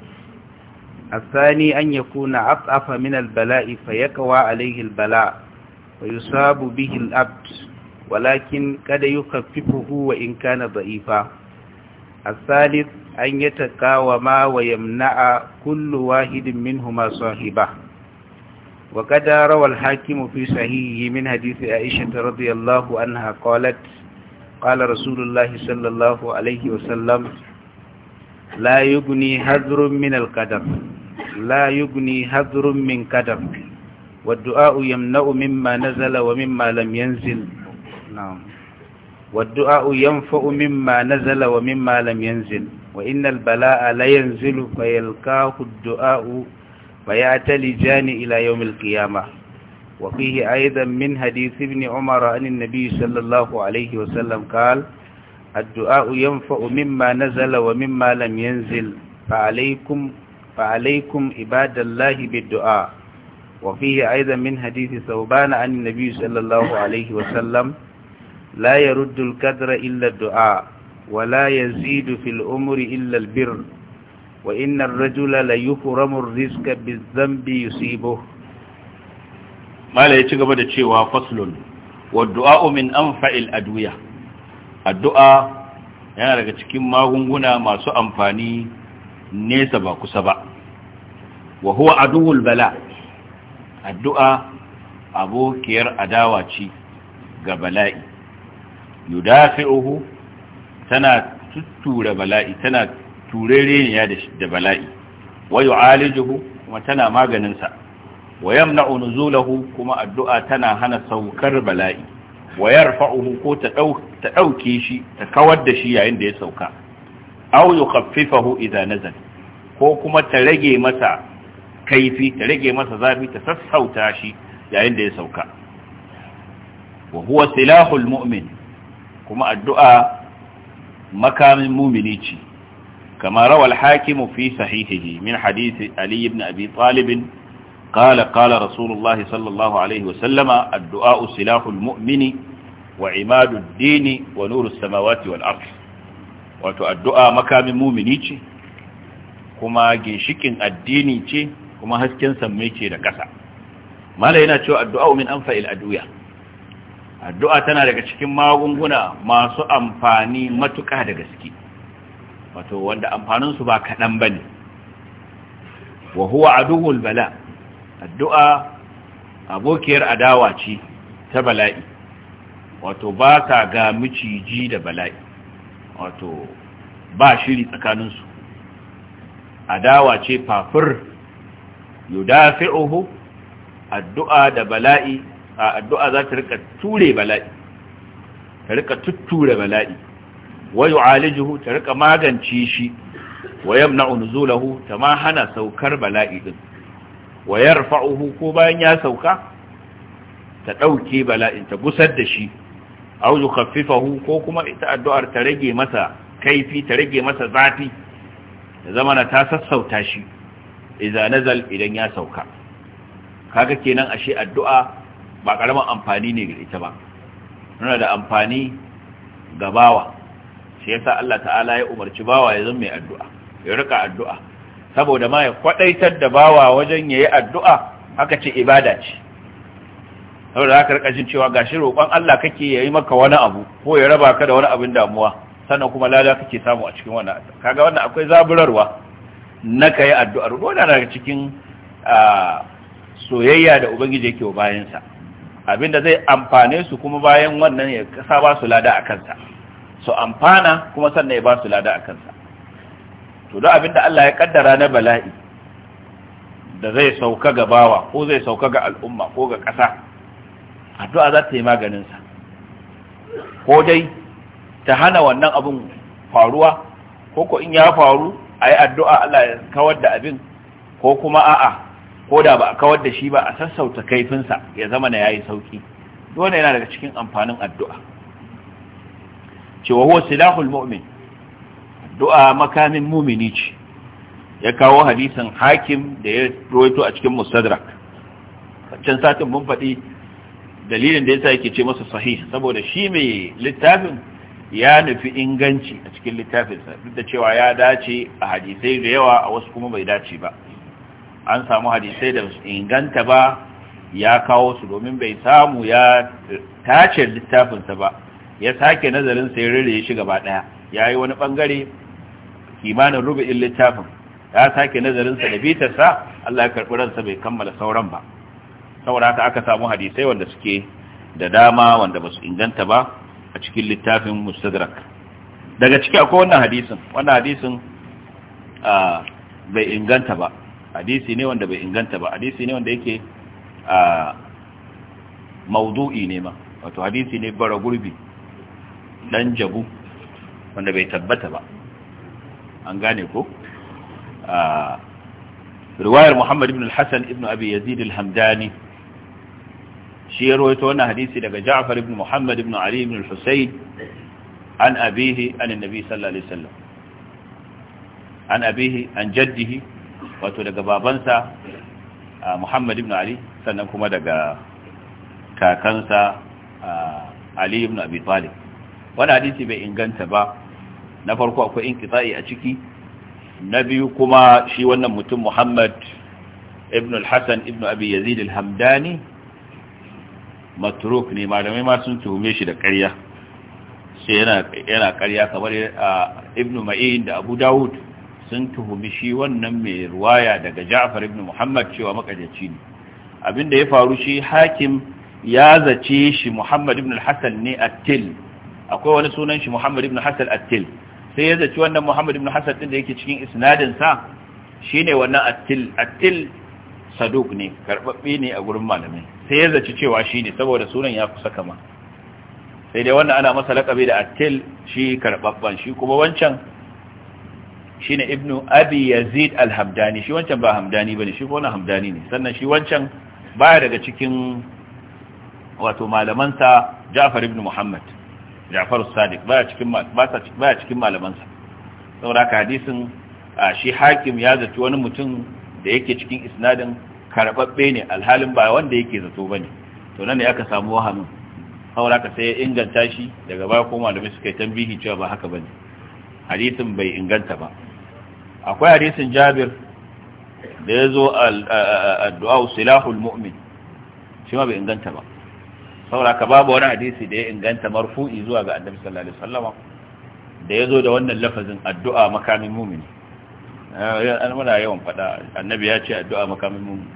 الثاني أن يكون عطأف من البلاء فيقوى عليه البلاء ويصاب به الأبد ولكن قد يخففه وإن كان ضعيفا الثالث أن يتقاوما ويمنع كل واحد منهما صاحبه وقد روى الحاكم في صحيحه من حديث عائشة رضي الله عنها قالت قال رسول الله صلى الله عليه وسلم لا يغني هذر من القدر لا يغني هذر من كدر والدعاء يمنع مما نزل ومما لم ينزل نعم والدعاء ينفع مما نزل ومما لم ينزل وإن البلاء لا ينزل فيلقاه الدعاء فيعتلجان إلى يوم القيامة وفيه أيضا من حديث ابن عمر عن النبي صلى الله عليه وسلم قال الدعاء ينفع مما نزل ومما لم ينزل فعليكم فعليكم عباد الله بالدعاء وفيه أيضا من حديث ثوبان عن النبي صلى الله عليه وسلم لا يرد الكدر إلا الدعاء ولا يزيد في الأمر إلا البر وإن الرجل ليفرم الرزق بالذنب يصيبه ما لا يتقبل da cewa faslun والدعاء من أنفع الأدوية الدعاء yana daga cikin magunguna masu amfani nesa ba kusa ba Wahu huwa aduwul addu'a abokiyar adawa ce ga bala'i yudafi'uhu tana tuttura bala'i tana turereniya da bala'i wa yu'alijuhu kuma tana maganinsa wa yamna'u nuzulahu kuma addu'a tana hana saukar bala'i wa yarfa'uhu ko ta ɗauke shi ta kawar da shi yayin da ya sauka aw yukhaffifahu idza nazal ko kuma ta rage masa kaifi ta rage masa zafi ta sassauta shi yayin da ya sauka wa huwa silahul mu'min kuma addu'a makamin mumini ce kama rawal hakimu fi sahihihi min hadisi ali ibn abi talib rasulullah قال رسول الله صلى الله عليه wa الدعاء سلاح المؤمن وعماد الدين ونور wal والأرض wato addu'a makamin mumini ce kuma ginshikin addini ce kuma hasken sammai ce da ƙasa malam yana cewa addu'a min anfa'il addu'a addu'a tana daga cikin magunguna masu amfani matuƙa da gaske wato wanda amfanin su ba kaɗan bane wa huwa aduhul bala addu'a abokiyar adawa ce ta bala'i wato ba ta ga miciji da bala'i wato ba shiri tsakaninsu adawa ce fafir yudafi'uhu addu'a da bala'i addu'a za ta rika ture bala'i ta rika tutture bala'i wa yu'alijuhu ta rika magance shi wa yamna'u nuzulahu ta ma hana saukar bala'i din wa yarfa'uhu ko bayan ya sauka ta dauke bala'in ta gusar da shi aw yukhaffifahu ko kuma ita addu'ar ta rage masa kaifi ta rage masa zafi da zamana ta sassauta shi iza nazal idan ya sauka kaga kenan ashe addu'a ba karaman amfani ne ga ita ba Muna da amfani ga bawa shi yasa Allah ta'ala ya umarci bawa ya zama mai addu'a ya rika addu'a saboda ma ya kwadaitar da bawa wajen yayi addu'a haka ce ibada ce saboda haka rika jin cewa gashi roƙon Allah kake yayi maka wani abu ko ya raba ka da wani abin damuwa sannan kuma lada kake samu a cikin wannan kaga wannan akwai zaburarwa na ka yi addu'ar gona daga cikin soyayya da ubangiji yake wa bayansa abinda zai amfane su kuma bayan wannan ya kasa ba su lada a kansa su amfana kuma sannan ya ba su lada a kansa to don abinda Allah ya kaddara na bala'i da zai sauka ga bawa ko zai sauka ga al'umma ko ga ƙasa addu'a za ta yi maganinsa ko dai ta hana wannan abin faruwa ko ko in ya faru ai addu'a Allah ya kawar da abin ko kuma a'a ko da ba a kawar da shi ba a sassauta kaifinsa ya zama na yayi sauki dole yana daga cikin amfanin addu'a cewa huwa silahul mu'min addu'a makamin mumini ce ya kawo hadisin hakim da ya roito a cikin mustadrak can satin mun faɗi dalilin da yasa yake ce masa sahih saboda shi mai littafin ya nufi inganci a cikin littafinsa duk da cewa ya dace a hadisai da yawa a wasu kuma bai dace ba an samu hadisai da su inganta ba ya kawo su domin bai samu ya tace littafinsa ba ya sake nazarin sai rere shi gaba daya ya yi wani bangare kimanin rubu'in littafin ya sake nazarinsa da bitarsa Allah ya karbi ransa bai kammala sauran ba saboda haka aka samu hadisai wanda suke da dama wanda basu inganta ba a cikin littafin mustadrak daga ciki akwai wannan hadisin wannan hadisin bai inganta ba hadisi ne wanda bai inganta ba hadisi ne wanda yake maudu'i ne ma wato hadisi ne bara gurbi dan jabu wanda bai tabbata ba an gane ko riwayar muhammad ibn al-hasan ibn abi yazid al-hamdani shi ya rawaito wannan hadisi daga Ja'far ibn Muhammad ibn Ali ibn al-Husayn an abihi an annabi sallallahu alaihi wasallam an abihi an jaddihi wato daga babansa Muhammad ibn Ali sannan kuma daga kakansa Ali ibn Abi Talib wannan hadisi bai inganta ba na farko akwai inqita'i a ciki na biyu kuma shi wannan mutum Muhammad ibn al-Hasan ibn Abi Yazid al-Hamdani Matrok ne malamai ma sun tuhume shi da ƙarya sai yana ƙarya kamar ibn ma'in da abu dawud sun tuhumi shi wannan mai ruwaya daga ja'far ibn muhammad cewa makajaci ne abinda ya faru shi hakim ya zace shi muhammad ibn hassan ne attil akwai wani sunan shi muhammad ibn hassan attil sai ya zaci wannan muhammad ibn hassan din da yake cikin isnadin sa shine wannan attil attil saduk ne karbabbe ne a gurin malamai sai ya zaci cewa shi ne saboda sunan ya kusa kama sai dai wannan ana masa laƙabi da attil shi karɓaɓɓen shi kuma wancan shi ne ibnu abi yazid al-hamdani shi wancan ba hamdani ba ne shi kone hamdani ne sannan shi wancan baya daga cikin wato malamansa ja'far ibn muhammad ja'far sadiq baya cikin malamansa saboda hadisin shi hakim ya zaci wani mutum da yake cikin isnadin karɓaɓɓe ne alhalin ba wanda yake zato ba ne to nan ne aka samu wahamin haura ka sai ya inganta shi daga baya ko malamai su kai tambihi cewa ba haka ba ne hadisin bai inganta ba akwai hadisin jabir da ya zo addu'a silahul mu'min shi ma bai inganta ba saura ka babu wani hadisi da ya inganta marfu'i zuwa ga annabi sallallahu alaihi wasallam da ya zo da wannan lafazin addu'a makamin mu'mini an muna yawan fada annabi ya ce addu'a makamin mumini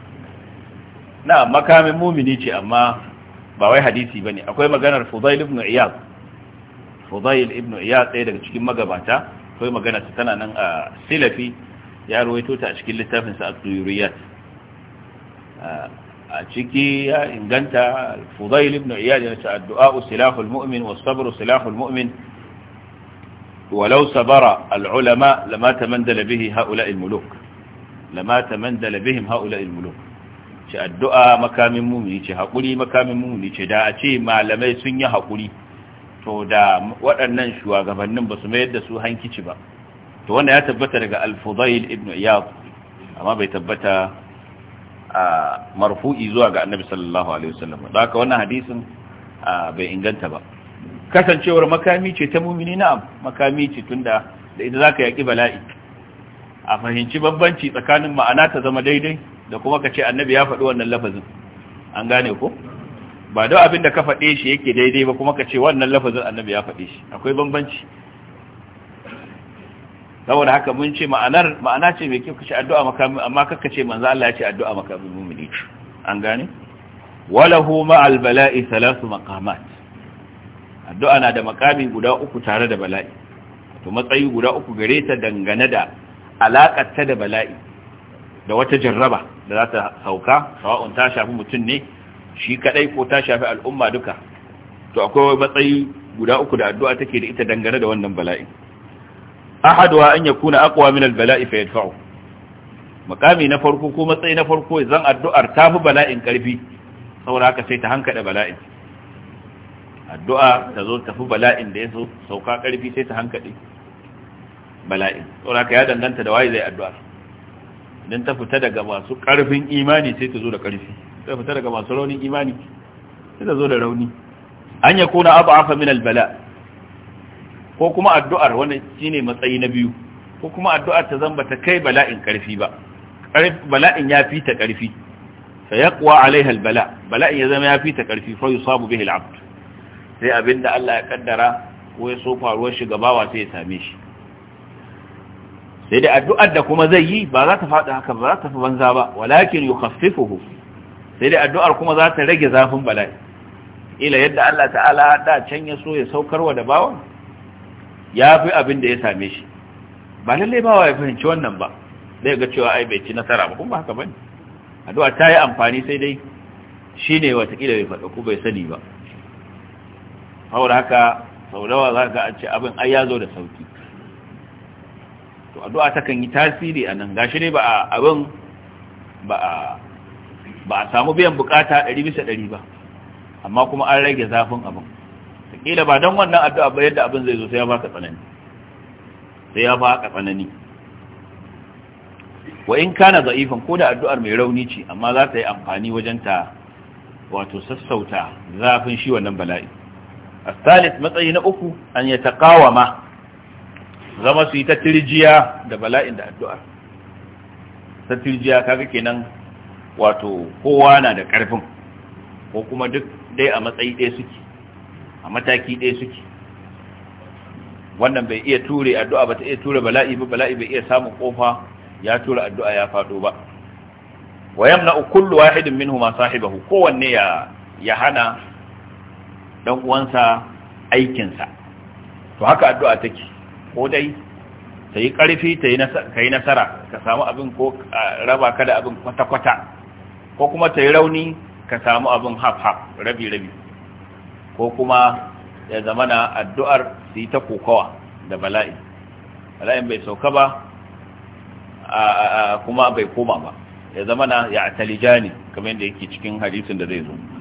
na makamin mumini ce amma ba wai hadisi bane akwai maganar Fudail ibn Iyad Fudail ibn Iyad ɗaya daga cikin magabata akwai magana ta tana nan a Silafi ya ruwaito ta a cikin littafin sa at a ciki ya inganta Fudail ibn Iyad ya ce addu'a silahul mu'min was sabru silahul mu'min ولو صبر العلماء لما تمندل به هؤلاء الملوك لما تمندل بهم هؤلاء الملوك ce addu'a makamin mu mumini ce haƙuri makamin mu mumini ce da a ce malamai sun yi haƙuri to da waɗannan shugabannin ba su mayar da su hankici ba to wanda ya tabbata daga al-fudail ibn iyad amma bai tabbata a marfu'i zuwa ga annabi sallallahu alaihi wasallam da haka wannan hadisin bai inganta ba kasancewar makami ce ta mumini na makami ce tunda da ita zaka yaki bala'i a fahimci bambanci tsakanin ma'ana ta zama daidai da kuma kace annabi ya faɗi wannan lafazin an gane ko ba da abin da ka faɗe shi yake daidai ba kuma kace wannan lafazin annabi ya faɗe shi akwai bambanci saboda haka mun ce ma'anar ma'ana ce mai kyau kace addu'a makami. amma kaka ce manzo Allah ya ce addu'a makami. mu'mini an gane walahu ma'al bala'i thalathu maqamat addu'a na da makami guda uku tare da bala'i to matsayi guda uku gare ta dangane da alaƙar ta da bala'i da wata jarraba da za ta sauka sawa'un ta shafi mutum ne shi kaɗai, ko ta shafi al'umma duka to akwai matsayi guda uku da addu'a take da ita dangane da wannan bala'i ahaduwa an yakuna aqwa min al-bala'i fa yadfa'u makami na farko ko matsayi na farko zan addu'ar tafi bala'in karfi saboda haka sai ta hankada bala'in addu'a ta zo tafi bala'in da ya so sauka karfi sai ta hankali bala'in tsoraka ka ya danganta da waye zai addu'a idan ta fita daga masu karfin imani sai ta zo da karfi ta fita daga masu raunin imani sai ta zo da rauni an ya kuna abu afa min albala ko kuma addu'ar wani shine matsayi na biyu ko kuma addu'ar ta zamba ta kai bala'in karfi ba bala'in ya fi ta karfi fa yaqwa alaiha albala bala'in ya zama ya fi ta karfi fa yusabu bihi al'abd sai abin da Allah ya kaddara ko ya so faruwar shi gabawa sai ya same shi sai da addu'ar da kuma zai yi ba za ta faɗi haka ba za ta fi banza ba walakin yukhaffifuhu sai da addu'ar kuma za ta rage zafin bala'i ila yadda Allah ta'ala da can ya so ya wa da bawa ya fi abin da ya same shi ba lalle bawa ya fahimci wannan ba zai ga cewa ai bai ci nasara ba kuma haka bane addu'a ta yi amfani sai dai shi ne watakila bai faɗa ko bai sani ba saboda haka sau dawa za ka ce abin ai ya zo da sauki to addu'a ta kan yi tasiri a nan gashi ne ba a abin ba a ba a samu biyan bukata 100 bisa 100 ba amma kuma an rage zafin abin kila ba don wannan addu'a ba yadda abin zai zo sai ya baka tsanani sai ya baka tsanani wa in kana za'ifan ko da addu'ar mai rauni ce amma za ta yi amfani wajen ta wato sassauta zafin shi wannan bala'i الثالث matsayi na uku an yataqawama zama su yi ta tirjiya da bala'in da addu'a ta tirjiya kaga kenan wato kowa na da karfin ko kuma duk dai a matsayi ɗaya suke a mataki ɗaya suke wannan bai iya ture addu'a ba ta iya ture bala'i ba bala'i bai iya samun kofa ya tura addu'a ya faɗo ba wa yamna kullu wahidin minhu ma sahibahu kowanne ya ya hana dan uwansa aikinsa to haka addu'a take ko dai ta yi ƙarfi ta yi nasara ka samu abin ko raba ka da abin kwata-kwata ko kuma ta yi rauni ka samu abin haf-haf rabi-rabi ko kuma ya zamana addu'ar su yi ta kokawa da bala'i bala'in bai sauka ba kuma bai koma ba ya zamana ya ne kamar yadda yake cikin hadisin da zai zo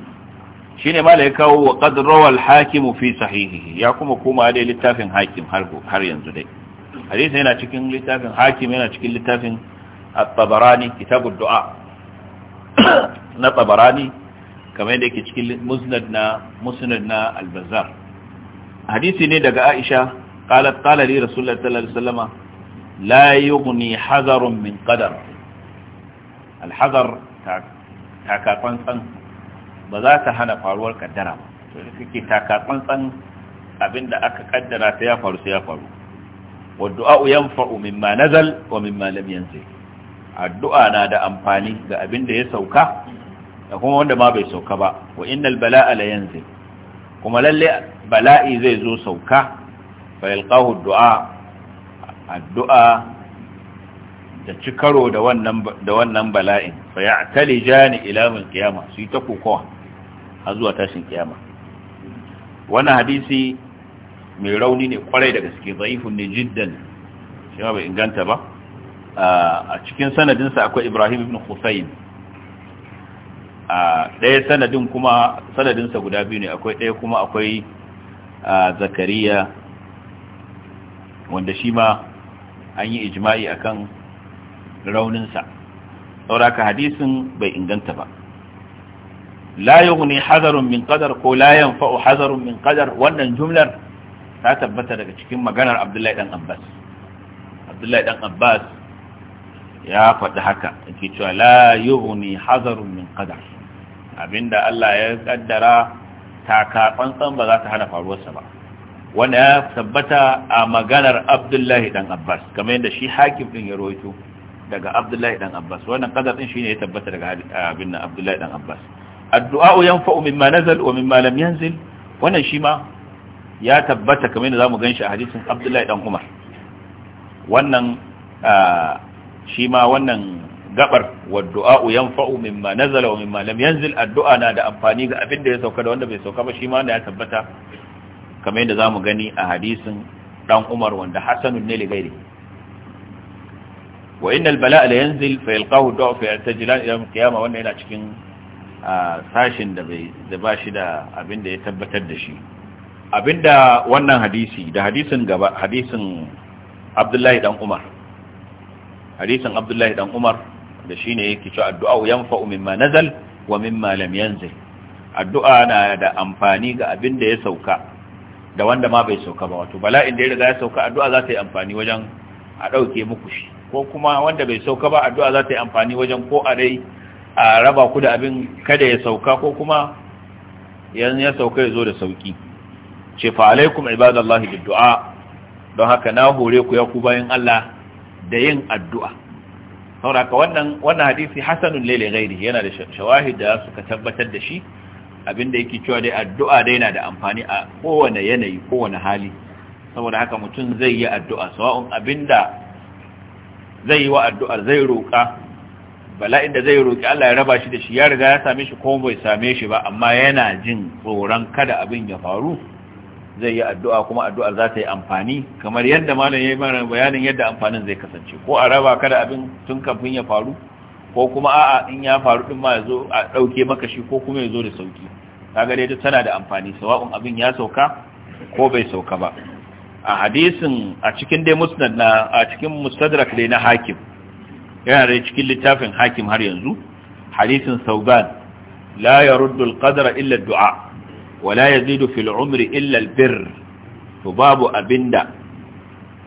shine malai kawo wa qad rawal hakim fi sahihihi ya kuma kuma dai littafin hakim har yanzu dai hadisi yana cikin littafin hakim yana cikin littafin at-tabarani kitabud du'a na tabarani kamar yadda yake cikin musnad na musnad na al hadisi ne daga Aisha qalat qala li rasulullahi sallallahu alaihi wasallam la yughni hadarun min qadar al-hadar ta ka tsantsan ba za ta hana faruwar kaddara ba to da kake taka tsantsan abin da aka kaddara ta ya faru sai ya faru wa du'a'u yanfa'u mimma nazal wa mimma lam yanzil addu'a na da amfani ga abin da ya sauka da kuma wanda ma bai sauka ba wa innal bala'a la yanzil kuma lalle bala'i zai zo sauka fa yalqahu du'a addu'a da ci karo da wannan bala'in fa ya tali jani ilamin kiyama su yi ta kokowa ha zuwa tashin kiyama wannan hadisi mai rauni ne kwarai da gaske zaifun ne jiddan shi ma bai inganta ba a cikin sanadinsa akwai ibrahim ibn husayn a ɗaya sanadin kuma sanadinsa guda biyu ne akwai ɗaya kuma akwai zakariya wanda shi ma an yi ijma'i akan rauninsa sauraka hadisin bai inganta ba la yughni hazarun min qadar ko la yanfa'u hazarun min qadar wannan jumlar ta tabbata daga cikin maganar Abdullahi dan Abbas Abdullahi dan Abbas ya faɗi haka yake cewa la yughni hazarun min qadar abinda Allah ya kaddara taka tsantsan ba za ta hana faruwarsa ba wanda ya tabbata a maganar Abdullahi dan Abbas kamar yadda shi hakim din ya rawaito daga abdullahi dan abbas wannan qadar din shine ya tabbata daga ah, abin nan abdullahi dan abbas addu'a yanfa'u mimma nazal wa mimma lam yanzil wannan shi ma ya tabbata kamar yadda zamu ganshi a hadisin abdullahi dan umar wannan ah, shi ma wannan gabar wadda'u yanfa'u mimma nazala wa mimma lam yanzil addu'a na da amfani ga abin da ya sauka da wanda bai sauka ba shi ma ya tabbata kamar yadda zamu gani a hadisin dan Umar wanda hasanun ne li gairi wa innal bala'a la yanzil fa yalqahu du'f fa yartajilan ila qiyamah wannan yana cikin sashin da bai da bashi da abin da ya tabbatar da shi abinda wannan hadisi da hadisin gaba hadisin Abdullahi dan Umar hadisin Abdullahi dan Umar da shine yake cewa addu'a yanfa'u mimma nazal wa mimma lam yanzil addu'a na da amfani ga abin da ya sauka da wanda ma bai sauka ba wato bala'in da ya riga ya sauka addu'a za ta yi amfani wajen a ɗauke muku shi ko kuma wanda bai sauka ba addu'a za ta yi amfani wajen ko a rai a raba ku da abin kada ya sauka ko kuma yanzu ya sauka ya zo da sauki ce fa alaikum ibadallahi biddu'a don haka na hore ku ya ku bayan Allah da yin addu'a sauraka wannan wannan hadisi hasanun lele gairi yana da shawahid da suka tabbatar da shi abinda yake cewa dai addu'a dai na da amfani a kowane yanayi kowane hali saboda haka mutum zai yi addu'a sawa'un abinda zai yi wa addu'ar zai roƙa bala'in da zai roƙi Allah ya raba shi da shi ya riga ya same shi ko bai same shi ba amma yana jin tsoron kada abin ya faru zai yi addu'a kuma addu'ar za ta yi amfani kamar yadda malam ya yi mana bayanin yadda amfanin zai kasance ko a raba kada abin tun kafin ya faru ko kuma a'a in ya faru din ma ya zo a ɗauke maka shi ko kuma ya zo da sauki kaga dai tana da amfani sawa'un abin ya sauka ko bai sauka ba a hadisin a cikin dai musnad na a cikin mustadrak dai na hakim yana da cikin littafin hakim har yanzu hadisin sauban la yaruddu alqadra illa du'a wa la yazidu fil umri illa albir to babu abinda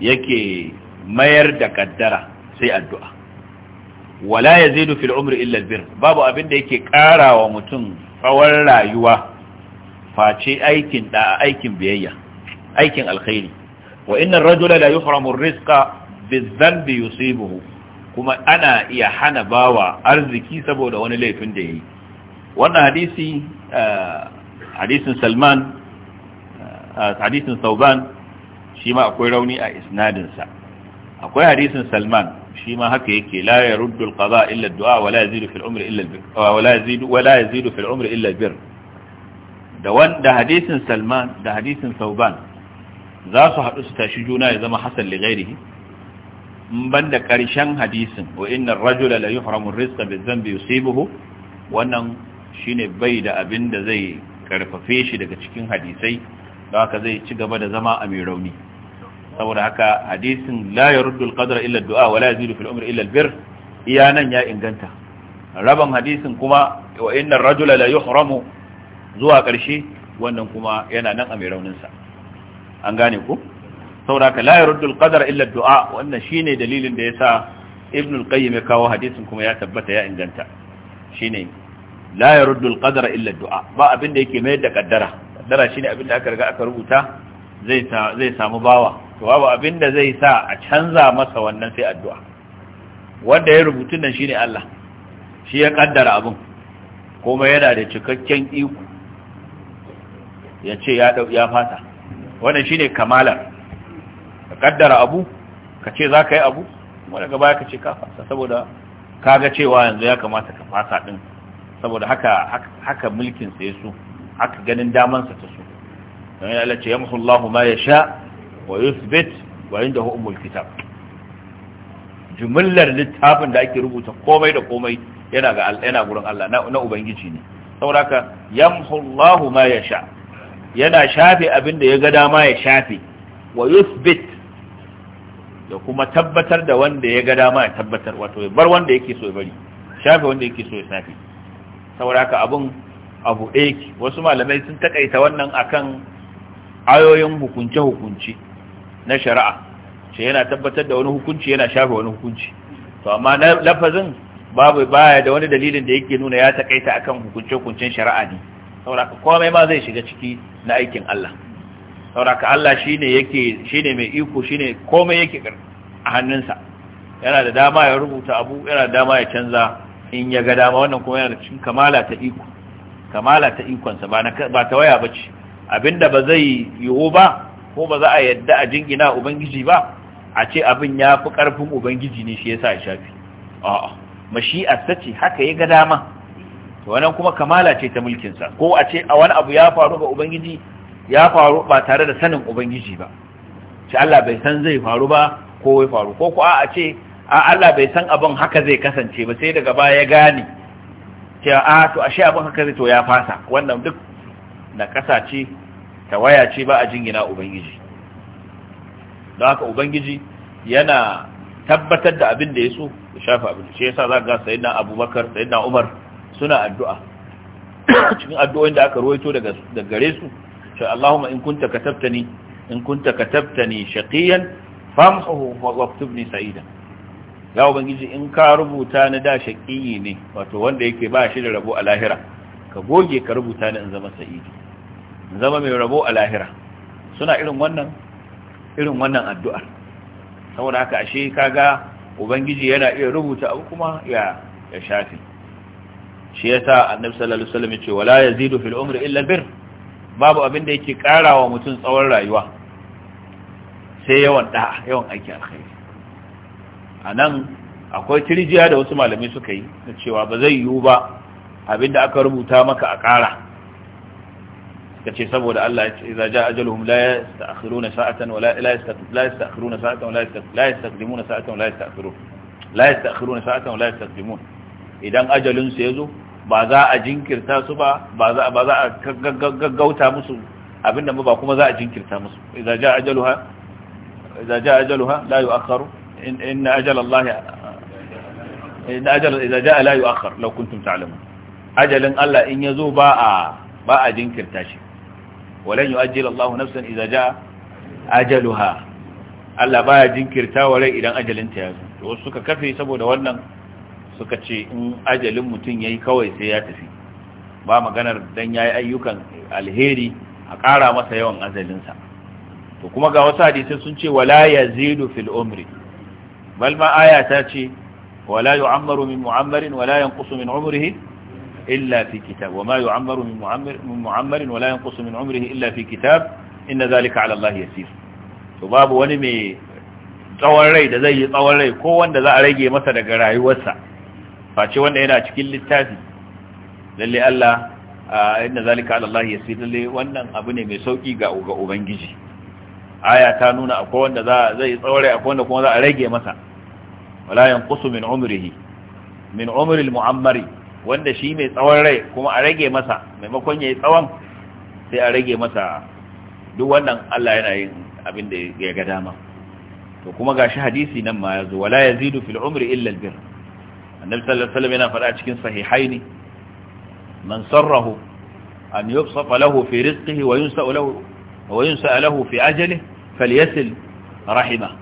yake mayar da kaddara sai addu'a wa la yazidu fil umri illa albir babu abinda yake karawa mutum tsawon rayuwa face aikin da aikin biyayya aikin alkhairi wa innar rajula la yuhramu rizqa bizanbi yusibuhu kuma ana iya hana bawa arziki saboda wani laifin da yayi wannan hadisi eh, hadisin Salman eh, hadisin Sauban shi ma akwai rauni a isnadin akwai hadisin Salman shi ma haka yake la yaruddu alqada illa addu'a wa la yazidu fil umri illa albir da wanda hadisin Salman da hadisin Sauban za su haɗu su tashi juna ya zama hasan li ghairihi in banda karshen hadisin wa inna ar-rajula la yuhramu ar-rizqa bi-dhanbi yusibuhu wannan shine bai da abin da zai karfafe shi daga cikin hadisai da haka zai ci gaba da zama a mai rauni saboda haka hadisin la yaruddu al illa ad-du'a wa la yazidu fil umri illa al iya nan ya inganta raban hadisin kuma wa inna rajula la yuhramu zuwa ƙarshe wannan kuma yana nan a mai raunin sa an gane ku saboda ka la yaruddul qadar illa du'a wannan shine dalilin da yasa ibn al-qayyim ya kawo hadisin kuma ya tabbata ya inganta shine la yaruddul qadara illa du'a ba abin da yake mayar da kaddara kaddara shine abin da aka riga aka rubuta zai zai samu bawa to babu abin da zai sa a canza masa wannan sai addu'a wanda ya rubutun nan shine Allah shi ya kaddara abin kuma yana da cikakken iko ya ce ya ya fata wannan shine kamala ka kaddara abu ka ce za ka yi abu kuma daga baya ka ce ka fasa saboda ka ga cewa yanzu ya kamata ka fasa din saboda haka haka mulkin sa yaso haka ganin daman sa ta so dan ya Allah ce musu Allahu ma yasha wa yuthbit wa indahu umul kitab jumlar littafin da ake rubuta komai da komai yana ga yana gurin Allah na ubangiji ne saboda haka yamhu Allahu ma yasha yana shafe abin da ya ga dama ya shafe wa yuthbit da kuma tabbatar da wanda ya ga dama ya tabbatar wato ya bar wanda yake so ya bari shafe wanda yake so ya shafe saboda haka abin abu ɗaya wasu malamai sun takaita wannan akan ayoyin hukunce-hukunce na shari'a ce yana tabbatar da wani hukunci yana shafe wani hukunci to amma lafazin babu baya da wani dalilin da yake nuna ya takaita akan hukunce-hukuncen shari'a ne sauraka komai ma zai shiga ciki na aikin Allah sauraka Allah shine yake shine mai iko shine komai yake a hannunsa yana da dama ya rubuta abu yana da dama ya canza in ya ga dama wannan kuma yana da cikin kamala ta iko kamala ta ikonsa ba ba ta waya bace abinda ba zai yiwu ba ko ba za a yadda a jingina ubangiji ba a ce abin ya fi ƙarfin ubangiji ne shi yasa ya shafi a'a mashi'ar ta ce haka ya ga dama to wannan kuma kamala ce ta mulkinsa ko a ce a wani abu ya faru ga ubangiji ya faru ba tare da sanin ubangiji ba shi Allah bai san zai faru ba ko wai faru ko ko a ce a Allah bai san abin haka zai kasance ba sai daga baya ya gane cewa a to ashe abin haka zai to ya fasa wannan duk na kasa ce tawaya ce ba a jingina ubangiji don haka ubangiji yana tabbatar da abin da ya so ya shafa abin shi yasa za ga sayyidina abubakar sayyidina umar suna addu'a cikin addu'o'in da aka ruwaito daga gare su sha Allahumma in kunta katabtani in kunta katabtani shaqiyan famhu wa waktubni sa'ida ya ubangiji in ka rubuta ni da shaqiyi ne wato wanda yake ba shi da rabo a lahira ka goge ka rubuta ni in zama sa'idi in zama mai rabo a lahira suna irin wannan irin wannan addu'ar saboda haka ashe kaga ubangiji yana iya rubuta abu kuma ya ya shafi shi yasa annabi sallallahu alaihi wasallam yace wala yazidu fil umri illa albir babu abin da yake karawa mutum tsawon rayuwa sai yawan da yawan aiki alkhairi anan akwai tirjiya da wasu malami suka yi na cewa ba zai yiwu ba abin da aka rubuta maka a kara suka ce saboda Allah ya ce idza jaa ajaluhum la yasta'khiruna sa'atan wa la yasta'khiruna sa'atan wa la yastaqdimuna sa'atan wa la yasta'khirun la yasta'khiruna sa'atan wa la yastaqdimun idan ajalin su zo. ba za a jinkirta su ba ba za a gaggauta musu abinda ba kuma za a jinkirta musu idza jaa ajaluha idza jaa ajaluha la yu'akhkharu inna ajala Allah inna ajala idza jaa la yu'akhkhar law kuntum ta'lamun ajalin Allah in yazo ba a ba a jinkirta shi walan yu'ajjil Allah nafsan idza jaa ajaluha Allah baya jinkirta wa rai idan ajalin ta yazo to suka kafe saboda wannan suka ce in ajalin mutum ya yi kawai sai ya tafi ba maganar dan yi ayyukan alheri a ƙara masa yawan azalinsa to kuma ga wasu hadisai sun ce wala yazidu fil umri bal ma aya ta ce wala Ammaru min mu'ammarin wala yanqusu min umrihi illa fi kitab wama yu'ammaru min mu'ammir min mu'ammarin wala yanqusu min umrihi illa fi kitab inna zalika 'ala Allah yasir to babu wani mai tsawon rai da zai yi tsawon rai ko wanda za a rage masa daga rayuwarsa face wanda yana cikin littafi lalle Allah inna zalika ala Allah yasir lalle wannan abu ne mai sauki ga ga ubangiji aya ta nuna akwai wanda za zai tsaure akwai wanda kuma za a rage masa wala yanqusu min umrihi min umri al-mu'ammari wanda shi mai tsawon rai kuma a rage masa maimakon yayi tsawon sai a rage masa duk wannan Allah yana yin abin da ya ga dama to kuma gashi hadisi nan ma yazo wala yazidu fil umri illa al annabi sallallahu alaihi wasallam yana faɗa cikin sahihaini man sarrahu an yubsafa lahu fi rizqihi wa yunsa lahu wa yunsa lahu fi ajalihi falyasil rahima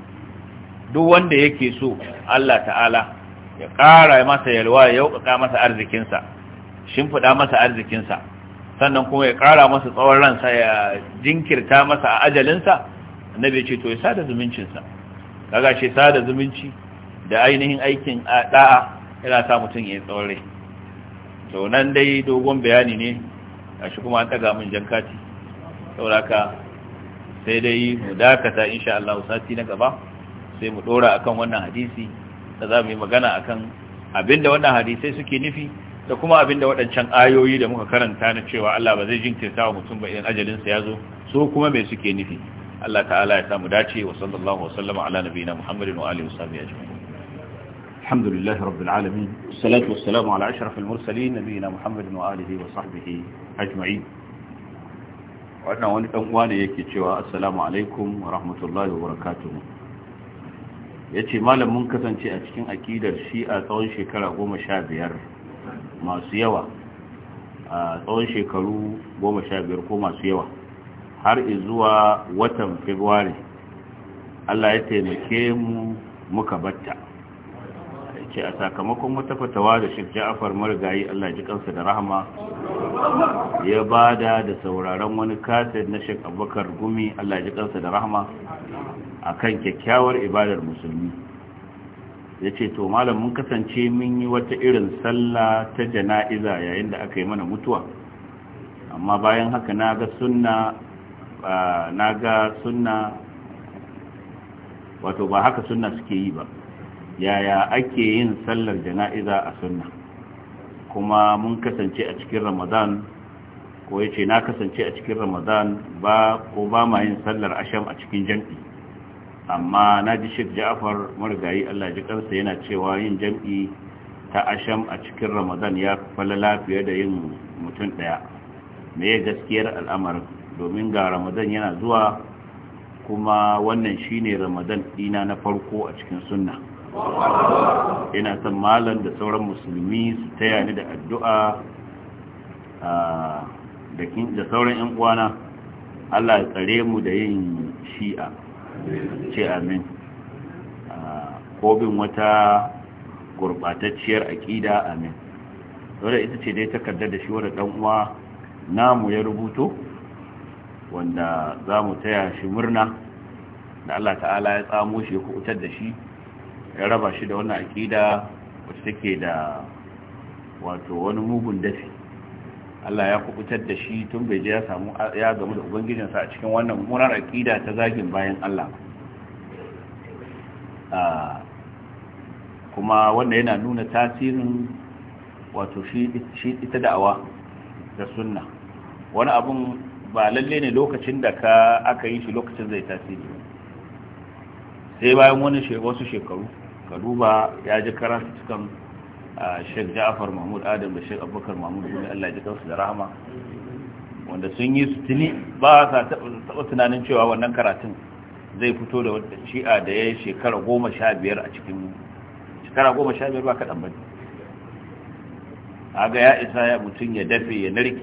duk wanda yake so Allah ta'ala ya ƙara masa yalwa ya yauƙaƙa masa arzikinsa shimfiɗa masa arzikinsa sannan kuma ya ƙara masa tsawon ransa ya jinkirta masa a ajalinsa annabi ce to ya sada zumuncinsa kaga shi sada zumunci da ainihin aikin da'a yana sa mutum ya yi to nan dai dogon bayani ne a shi kuma an ɗaga min jan kati sauraka sai dai mu dakata insha Allah sati na gaba sai mu ɗora akan wannan hadisi da za mu yi magana akan abinda wannan hadisai suke nufi da kuma abinda waɗancan ayoyi da muka karanta na cewa Allah ba zai jinkirta wa mutum ba idan ajalinsa ya zo so kuma me suke nufi Allah ta'ala ya samu dace wa sallallahu wa sallama ala nabiyina Muhammadin wa alihi wa sahbihi ajma'in الحمد لله رب العالمين والصلاة والسلام على أشرف المرسلين نبينا محمد وآله وصحبه أجمعين وأنا yake cewa assalamu alaikum wa rahmatullahi wa barakatuhu yace malam mun kasance a cikin akidar shi'a tsawon shekara 15 masu yawa a tsawon shekaru ko masu yawa har zuwa watan Fabrairu Allah ya taimake mu muka batta ce a sakamakon wata fatawa da shi Ja'far Marigayi Allah ji kansa da rahama ya bada da sauraron wani katin na shek Abubakar Gumi Allah ji kansa da rahama akan kyakkyawar ibadar musulmi ya ce to malam mun kasance mun yi wata irin sallah ta jana'iza yayin da aka yi mana mutuwa amma bayan haka na sunna suna wato ba haka sunna suke yi ba yaya ake yin sallar jana'iza a sunna kuma mun kasance a cikin ramadan ko ya ce na kasance a cikin ramadan ba ko ba ma yin sallar asham a cikin jam'i amma na ji shek ja'afar marigayi allah ji karsa yana cewa yin jam'i ta asham a cikin ramadan ya falala lafiya da yin mutum ɗaya me ya gaskiyar al'amar domin ga ramadan yana zuwa kuma wannan shine ramadan ɗina na farko a cikin sunna ina son malam da sauran musulmi su taya ni da addu'a da sauran 'yan uwana Allah ya tsare mu da yin shi'a ce amin ko bin wata gurbatacciyar aƙida amin wadda ita ce dai takardar da shi wadda uwa namu ya rubuto wanda za mu taya shi murna da Allah ta'ala ya tsamo shi ya kubutar da shi ya raba shi da wannan akida wacce take da wato wani mugun dafi Allah ya kubutar da shi tun bai je ya samu ya gamu da ubangijinsa a cikin wannan murar akida ta zagin bayan Allah ah, kuma wanda yana nuna tasirin wato shi ita da'awa da sunna wani abun ba lalle ne lokacin da ka aka yi shi lokacin zai tasiri sai bayan wani wasu shekaru ka duba ya ji karatu cikin sheik ja'afar mahmud adam da sheik abubakar mahmud wani allah ji kansu da rahama wanda sun yi su tuni ba sa taɓa tunanin cewa wannan karatun zai fito da wata shi'a da ya shekara goma sha biyar a cikin shekara goma sha biyar ba kaɗan ba aga ya isa ya mutum ya dafe ya narki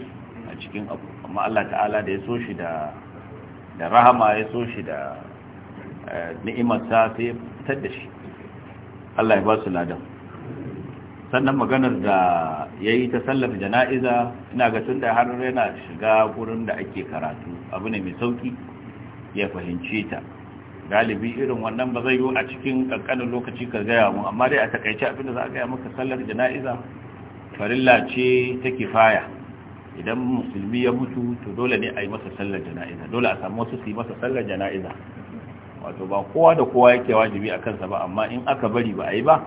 a cikin abu amma allah ta'ala da ya so shi da rahama ya so shi da eh, ni'imarsa sai ya fitar da shi Allah ya ba su ladan sannan maganar da ya yi ta sallar jana'iza ina ga tun da har yana shiga gurin da ake karatu abu ne mai sauki ya fahimci ta galibi irin wannan ba zai yi a cikin ƙanƙanin lokaci ka gaya mu amma dai a takaice abin da za a gaya maka sallar jana'iza farilla ce ta kifaya idan musulmi ya mutu to dole ne a yi masa sallar jana'iza dole a samu wasu su yi masa sallar jana'iza wato ba kowa da kowa yake wajibi a kansa ba amma in aka bari ba a yi ba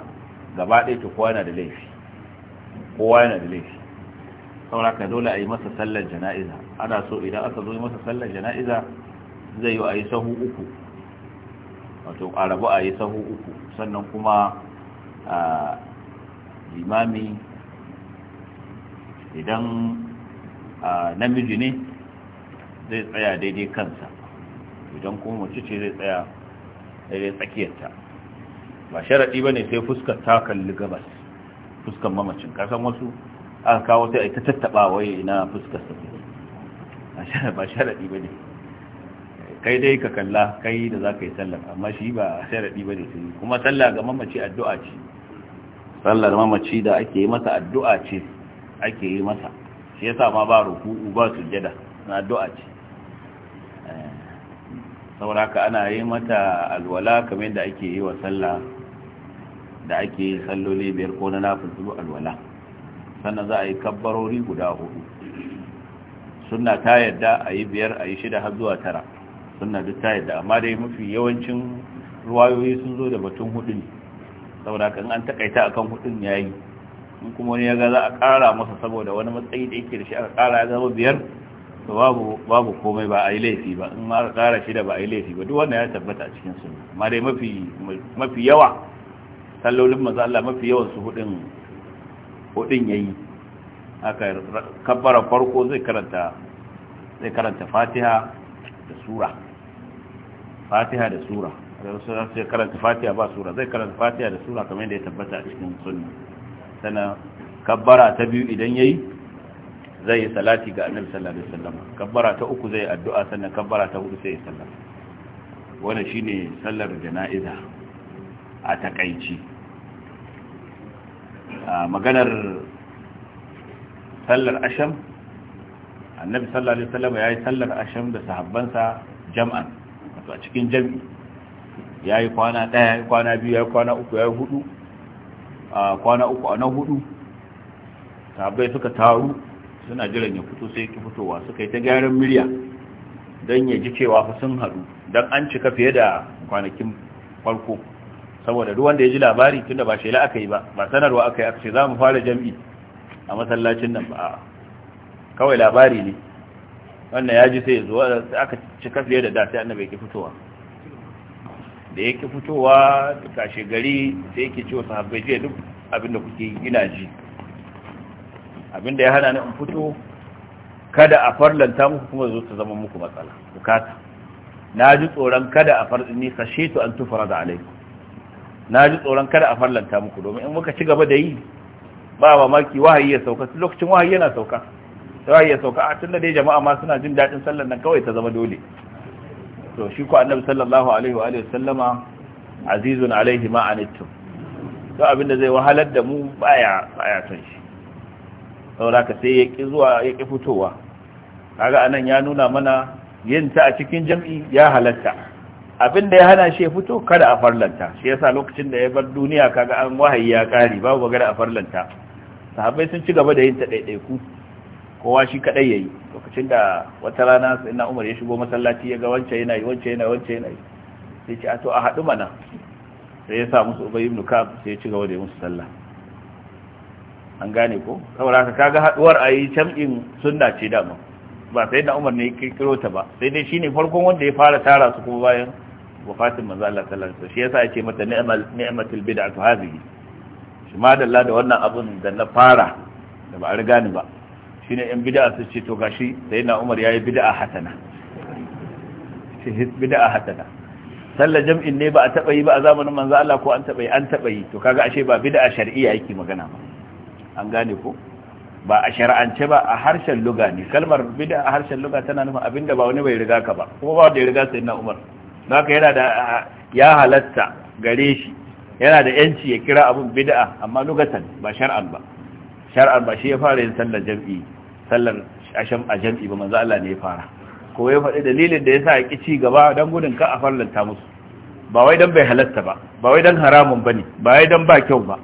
gaba ɗaya ta kowa yana da laifi kowa yana da laifi dole a yi masa sallar jana'iza ana so idan aka zo yi masa sallar jana'iza zai yi a yi sahu uku wato a rabu a yi sahu uku sannan kuma a limami idan namiji ne zai tsaya daidai kansa idan kuma mace ce zai tsaya daidai tsakiyarta ba sharaɗi ba ne sai fuskar ta kalli gabas fuskar mamacin kasan wasu aka kawo sai a ta tattaɓa waye ina fuskar sa ba sharaɗi ba ne kai dai ka kalla kai da za ka yi sallah amma shi ba sharaɗi ba ne sai kuma sallah ga mamaci addu'a ce sallar mamaci da ake yi masa addu'a ce ake yi masa shi yasa ma ba ruku'u ba jada na addu'a ce sauraka ana yi mata alwala kamar da ake yi wa sallah da ake yi salloli biyar ko na nafilu alwala sannan za a yi kabbarori guda hudu suna ta yadda a yi biyar a yi shida har zuwa tara sunna duk ta yadda amma dai mafi yawancin ruwayoyi sun zo da batun hudu ne saboda kan an takaita kan hudun yayi in kuma wani ya ga za a kara masa saboda wani matsayi da yake da shi aka kara ya zama biyar babu komai ba a yi laifi ba in ma shi shida ba a yi laifi ba duk wannan ya tabbata a cikin sunna amma dai mafi mafi yawa sallolin manzo Allah mafi yawan su hudin hudin yayi aka kabbara farko zai karanta zai karanta Fatiha da sura Fatiha da sura sai karanta Fatiha ba sura zai karanta Fatiha da sura kamar yadda ya tabbata a cikin sunna sana kabbara ta biyu idan yayi zai yi salati ga annabi sallallahu alaihi wasallam kabbara ta uku zai addu'a sannan kabbara ta hudu sai ya sallama wannan shine sallar jana'iza a takaici a maganar sallar asham annabi sallallahu alaihi wasallam yayi sallar asham da sahabbansa jam'an wato a cikin jami'i yayi kwana daya yayi kwana biyu yayi kwana uku yayi hudu a kwana uku a na hudu sahabbai suka taru suna jiran ya fito sai ki fitowa suka yi ta gyaran murya don ya ji cewa fa sun haɗu don an cika fiye da kwanakin farko saboda duk wanda ya ji labari tunda ba shela aka yi ba ba sanarwa aka yi aka ce za mu fara jam'i a masallacin nan ba kawai labari ne wannan ya ji sai ya zo aka cika fiye da da sai annabi ki fitowa da ya ki fitowa kashe gari sai yake ciwo sahabbai jiya duk abinda kuke yi ina ji abinda ya hana ni in fito kada a farlanta muku kuma zo ta zama muku matsala bukata na ji tsoron kada a farlanta ni to an tufara da alaiku na ji tsoron kada a farlanta muku domin in muka ci gaba da yi ba mamaki wahayi ya sauka lokacin wahayi yana sauka wahayi ya sauka a tun da dai jama'a ma suna jin daɗin sallar nan kawai ta zama dole to shi ku annabi sallallahu alaihi wa sallama azizun alaihi ma anittum to abinda zai wahalar da mu baya baya son shi saboda ka sai ya ki zuwa ya ki fitowa kaga anan ya nuna mana yin ta a cikin jam'i ya halatta abin da ya hana shi ya fito kada a farlanta shi yasa lokacin da ya bar duniya kaga an wahayi ya kare babu magana a farlanta sahabbai sun ci gaba da yin ta ɗaiɗaiku kowa shi kadai yayi lokacin da wata rana sai na Umar ya shigo masallaci ya ga wancan yana yi wancan yana wancan yana yi sai ce a to a haɗu mana sai ya sa musu Ubay ibn Ka'ab sai ya ci gaba da yin musu sallah an gane ko saboda ka kaga haduwar ayi cam'in sunna ce dama ba sai da Umar ne kiro ta ba sai dai shine farkon wanda ya fara tara su kuma bayan wafatin manzo Allah sallallahu alaihi wasallam shi yasa yake mata ni'mal ni'matul bid'atu hadhihi shi ma dalla da wannan abun da na fara da ba a riga ni ba shine in bid'a su ce to gashi na Umar yayi bid'a hasana shi bid'a hasana sallar jam'in ne ba a taɓa yi ba a zamanin manzo Allah ko an taɓa yi an taɓa yi to kaga ashe ba bid'a shar'iyya yake magana ba an gane ko ba a shar'ance ba a harshen luga ne kalmar bid'a a harshen luga tana nufin abinda ba wani bai riga ka ba kuma ba wanda ya riga sayyidina Umar haka yana da ya halatta gare shi yana da yanci ya kira abun bid'a amma lugatan ba shar'an ba shar'an ba shi ya fara yin sallar jam'i sallar asham a jam'i ba manzo Allah ne ya fara ko ya faɗi dalilin da yasa ya ki ci gaba dan gudun ka a farlanta musu ba wai dan bai halatta ba ba wai dan haramun bane ba wai dan ba kyau ba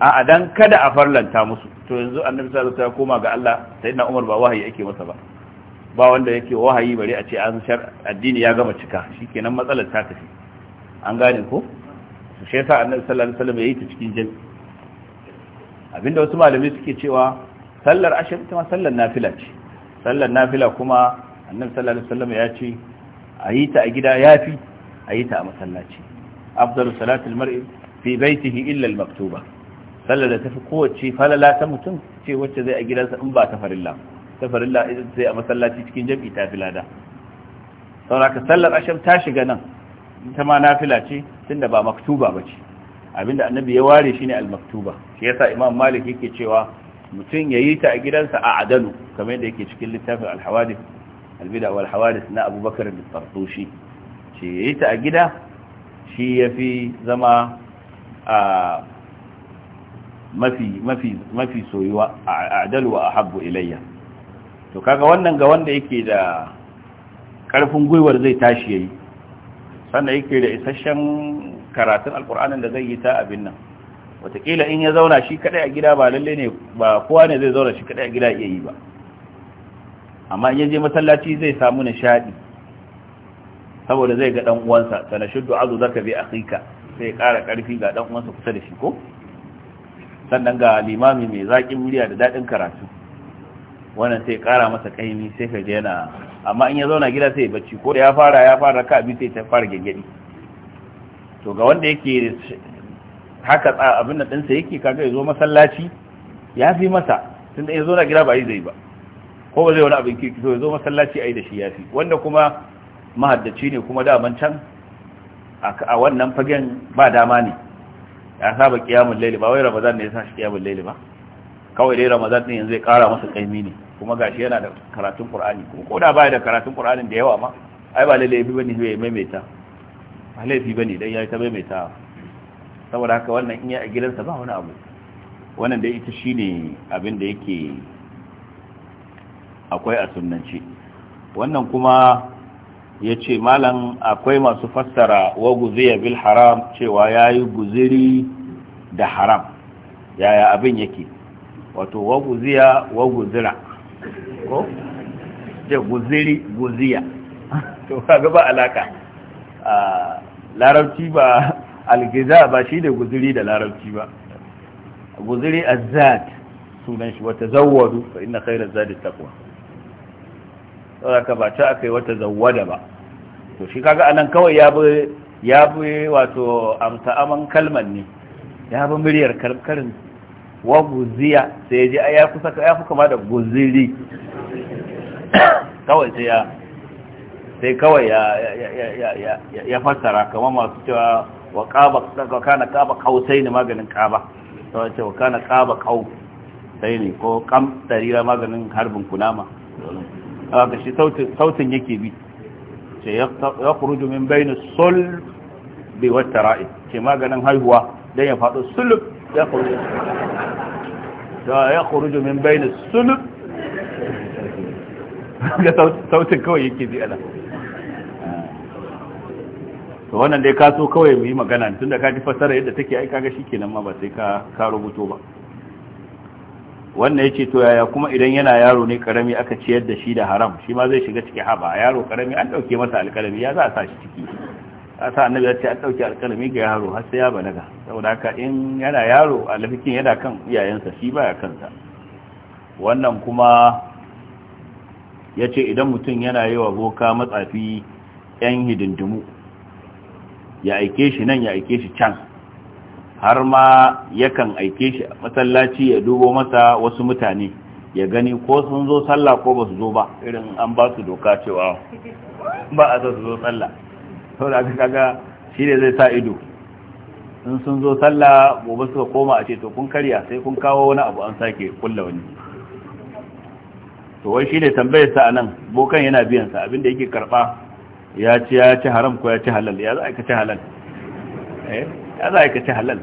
a dan kada a farlanta musu to yanzu annabi sallallahu alaihi wasallam koma ga Allah sayyidina Umar ba wahayi yake masa ba ba wanda yake wahayi bare a ce an shar addini ya gama cika shikenan matsalar ta tafi an gane ko to shi yasa annabi sallallahu alaihi wasallam yi ta cikin jami abinda wasu malamai suke cewa sallar ashir ta sallar nafila ce sallar nafila kuma annabi sallallahu alaihi wasallam ya ce a yi ta a gida yafi a yi ta a masallaci afdalus salatul mar'i fi baitihi illa al-maktuba sallar da fi kowace falala ta mutum ce wacce zai a gidansa in ba ta farilla ta sai a masallaci cikin jam'i ta filada sauraka sallar asham ta shiga nan ta ma fila ce tunda ba maktuba ce. abinda annabi ya ware shine al-maktuba shi yasa imam malik yake cewa mutum yayi ta a gidansa a adalu kamar yadda yake cikin littafin al-hawadith al wal na abubakar al ce shi yayi ta a gida shi yafi zama a mafi mafi mafi soyuwa a'dalu wa ahabbu ilayya to kaga wannan ga wanda yake da karfin gwiwar zai tashi yayi sannan yake da isasshen karatun alkur'anin da zai yi ta abin nan wataƙila in ya zauna shi kadai a gida ba lalle ne ba kowa ne zai zauna shi kadai a gida iya yi ba amma in ya je masallaci zai samu nishadi saboda zai ga dan uwansa sanashuddu azu zaka bi akhika sai ya ƙara ƙarfi ga dan uwansa kusa da shi ko sannan ga limami mai zaƙin murya da daɗin karatu wannan sai ƙara masa kaimi sai ka je na amma in ya zauna gida sai bacci ko da ya fara ya fara ka bi sai ta fara gyaggyaɗi to ga wanda yake haka abin da ɗinsa yake kaga ya zo masallaci ya fi masa tun da ya zo na gida ba yi zai ba ko ba zai wani abin kirki to ya zo masallaci a yi da shi ya fi wanda kuma mahaddaci ne kuma daman can a wannan fagen ba dama ne ya saba kiyamun laili ba wai ramadan ne ya sa shi kiyamun laili ba kawai dai ramadan ne yanzu ya kara masa kaimi ne kuma gashi yana da karatun qur'ani kuma ko da baya da karatun qur'anin da yawa ma ai ba lalle yafi bane ya maimaita ba laifi bane dan ya ta maimaita saboda haka wannan in ya a gidansa ba wani abu wannan dai ita shine abin da yake akwai a sunnanci wannan kuma ya ce malam akwai masu fassara wa guziya bil haram cewa ya yi guziri da haram yaya abin yake wato wa guziya wa guzira ko? ce guziri guziya to kaga ba alaka a larabci ba algiza ba shi da guziri da larabci ba guziri azad sunan shi wata zawwadu fa inna khairaz zadi taqwa saboda ba ta yi wata da ba to shi kaga anan kawai ya bi ya bi wato amsa aman kalman ne ya bi muryar karkarin wa guziya sai ji ya kusa ya fi kama da guziri kawai sai ya sai kawai ya ya ya fassara kamar masu cewa wa kana kaba kausai ne maganin kaba ta wace wa kana kaba kau sai ne ko kam tarira maganin harbin kunama a ga shi sautin yake bi ce ya kuruju min bayan sul bi wata ra'i ce maganin haihuwa don ya faɗo sulub ya kuruju ya kuruju min bayan sulub ga sautin kawai yake bi ala to wannan dai ka so kawai mu yi magana tun da ka ji fasara yadda take aika ga shi kenan ma ba sai ka rubuto ba wannan ya ce to yaya kuma idan yana yaro ne karami aka ciyar da shi da haram shi ma zai shiga ciki haba yaro karami an ɗauke masa alkalami ya za a sa shi ciki a sa annabi ya ce an ɗauke alkalami ga yaro har sai ya balaga saboda haka in yana yaro a lafikin yana kan iyayensa shi baya kansa wannan kuma ya ce idan mutum yana yi wa boka matsafi 'yan hidindimu ya aike shi nan ya aike shi can har ma yakan aike shi a masallaci ya dubo masa wasu mutane ya gani ko sun zo sallah ko ba su zo ba irin an ba su doka cewa ba a zo su zo sallah sau da kaga shi ne zai sa ido in sun zo sallah gobe suka koma a ce to kun karya sai kun kawo wani abu an sake kulla wani to wai shi ne tambayar sa anan bokan yana biyan sa abinda yake karba ya ci ya ci haram ko ya ci halal ya za a ka ci halal eh ya za ka ci halal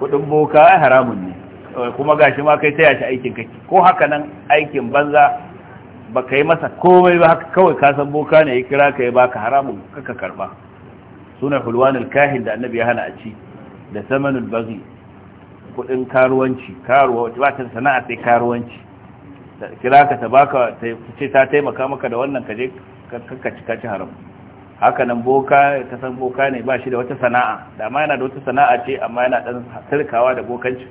kudin boka ai haramun ne kuma ga shi ma kai ta yashi aikin kake ko haka nan aikin banza ba ka yi masa komai ba haka kawai ka boka ne ya kira ka ya baka haramun kaka karba suna hulwanin kahin da annabi ya hana a ci da samanin bazi kudin karuwanci karuwa ba ta sana'a sai karuwanci kira ka ta baka ta ce ta taimaka maka da wannan kaje ka ci haram haka nan boka ta san boka ne ba shi da wata sana'a da amma yana da wata sana'a ce amma yana dan sarkawa da bokanci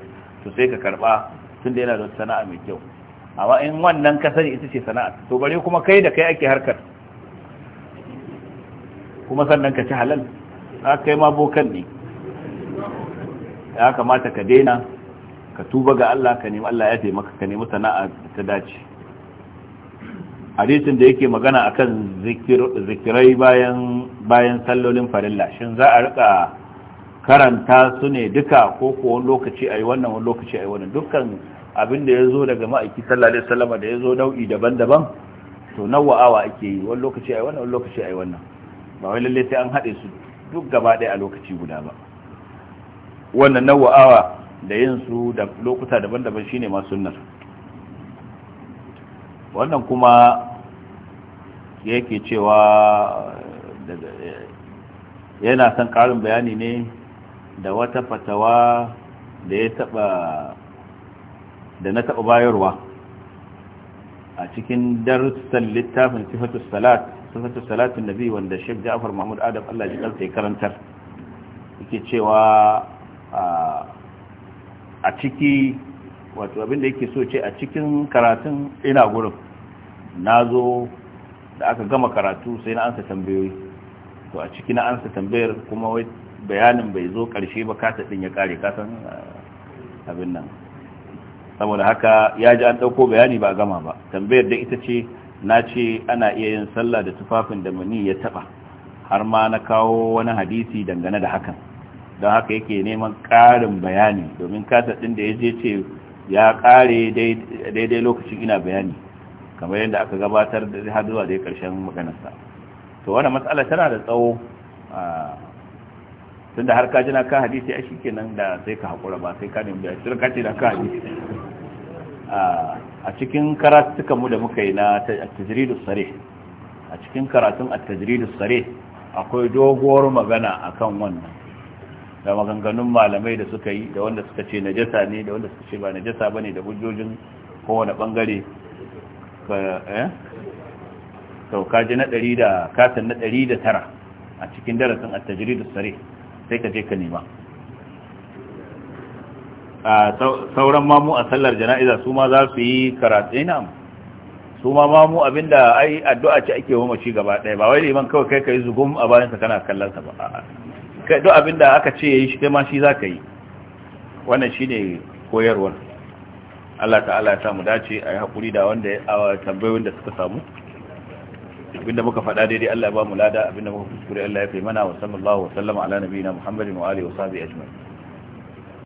to sai ka karba tun da yana da wata sana'a mai kyau amma in wannan ka sani ita ce sana'a to bare kuma kai da kai ake harkar kuma sannan ka ci halal a kai ma bokan ne ya kamata ka daina ka tuba ga Allah ka nemi Allah ya taimaka ka nemi sana'a ta dace hadisin da yake magana akan zikirai bayan bayan sallolin farilla shin za a rika karanta su ne duka ko ko wani lokaci yi wannan wani lokaci yi wannan dukkan abin da ya zo daga ma'aiki sallallahu alaihi wasallam da zo nau'i daban-daban to awa ake yi wani lokaci a yi wannan wani lokaci a yi wannan ba wai lalle sai an haɗe su duk gaba ɗaya a lokaci guda ba wannan awa da yin su da lokuta daban-daban shine ma sunnar wannan kuma yake cewa yana son karin bayani ne da wata fatawa da ya taba da na taba bayarwa a cikin darussan littafin sifatus salat sifatus salatun nabi wanda Sheikh Ja'far Mahmud Adam Allah ji karfe karantar yake cewa a ciki wato abin yake so ce a cikin karatun ina gurin na zo. da aka gama karatu sai na ansa tambayoyi to a ciki na ansa tambayar kuma wai bayanin bai zo karshe ba kasa din ya kare kasan eh, abin nan saboda haka ya ji an ɗauko bayani ba a gama ba tambayar da ita ce na ce ana iya yin sallah da tufafin da mani ya taba har ma na kawo wani hadisi dangane da hakan don haka yake neman karin bayani domin kasa din da ya je ce ya kare daidai lokacin ina bayani kamar yadda aka gabatar da har zuwa da ƙarshen maganarsa to wannan matsala tana da tsawo tun da har ka jina ka hadisi a nan da sai ka haƙura ba sai ka nemi da shirin kace da ka hadisi a cikin karatukan mu da muka yi na tajridus sarih a cikin karatun at-tajridus sarih akwai doguwar magana akan wannan da maganganun malamai da suka yi da wanda suka ce najasa ne da wanda suka ce ba najasa bane da hujjojin kowane bangare saukaji eh? na ɗari da katon na ɗari da tara a cikin darasin attajiri da sare sai ka je ka nema a sauran mamu a sallar jana'iza su ma za su yi karatu ina eh, su ma mamu abinda ai addu'a ce ake wa mace gaba ɗaya ba wai liman kawai kai ka yi zugun a bayansa kana kallon sa ba duk abinda aka ce ya yi shi ma shi za ka yi wannan shi ne koyarwar Allah ta'ala ya samu dace a yi haƙuri da wanda ya tambayoyin da suka samu abinda muka faɗa daidai Allah ya ba mu lada abinda muka kuskure Allah ya fi mana wa sallallahu wa sallama ala nabiyina Muhammadin wa alihi wa sahbihi ajma'in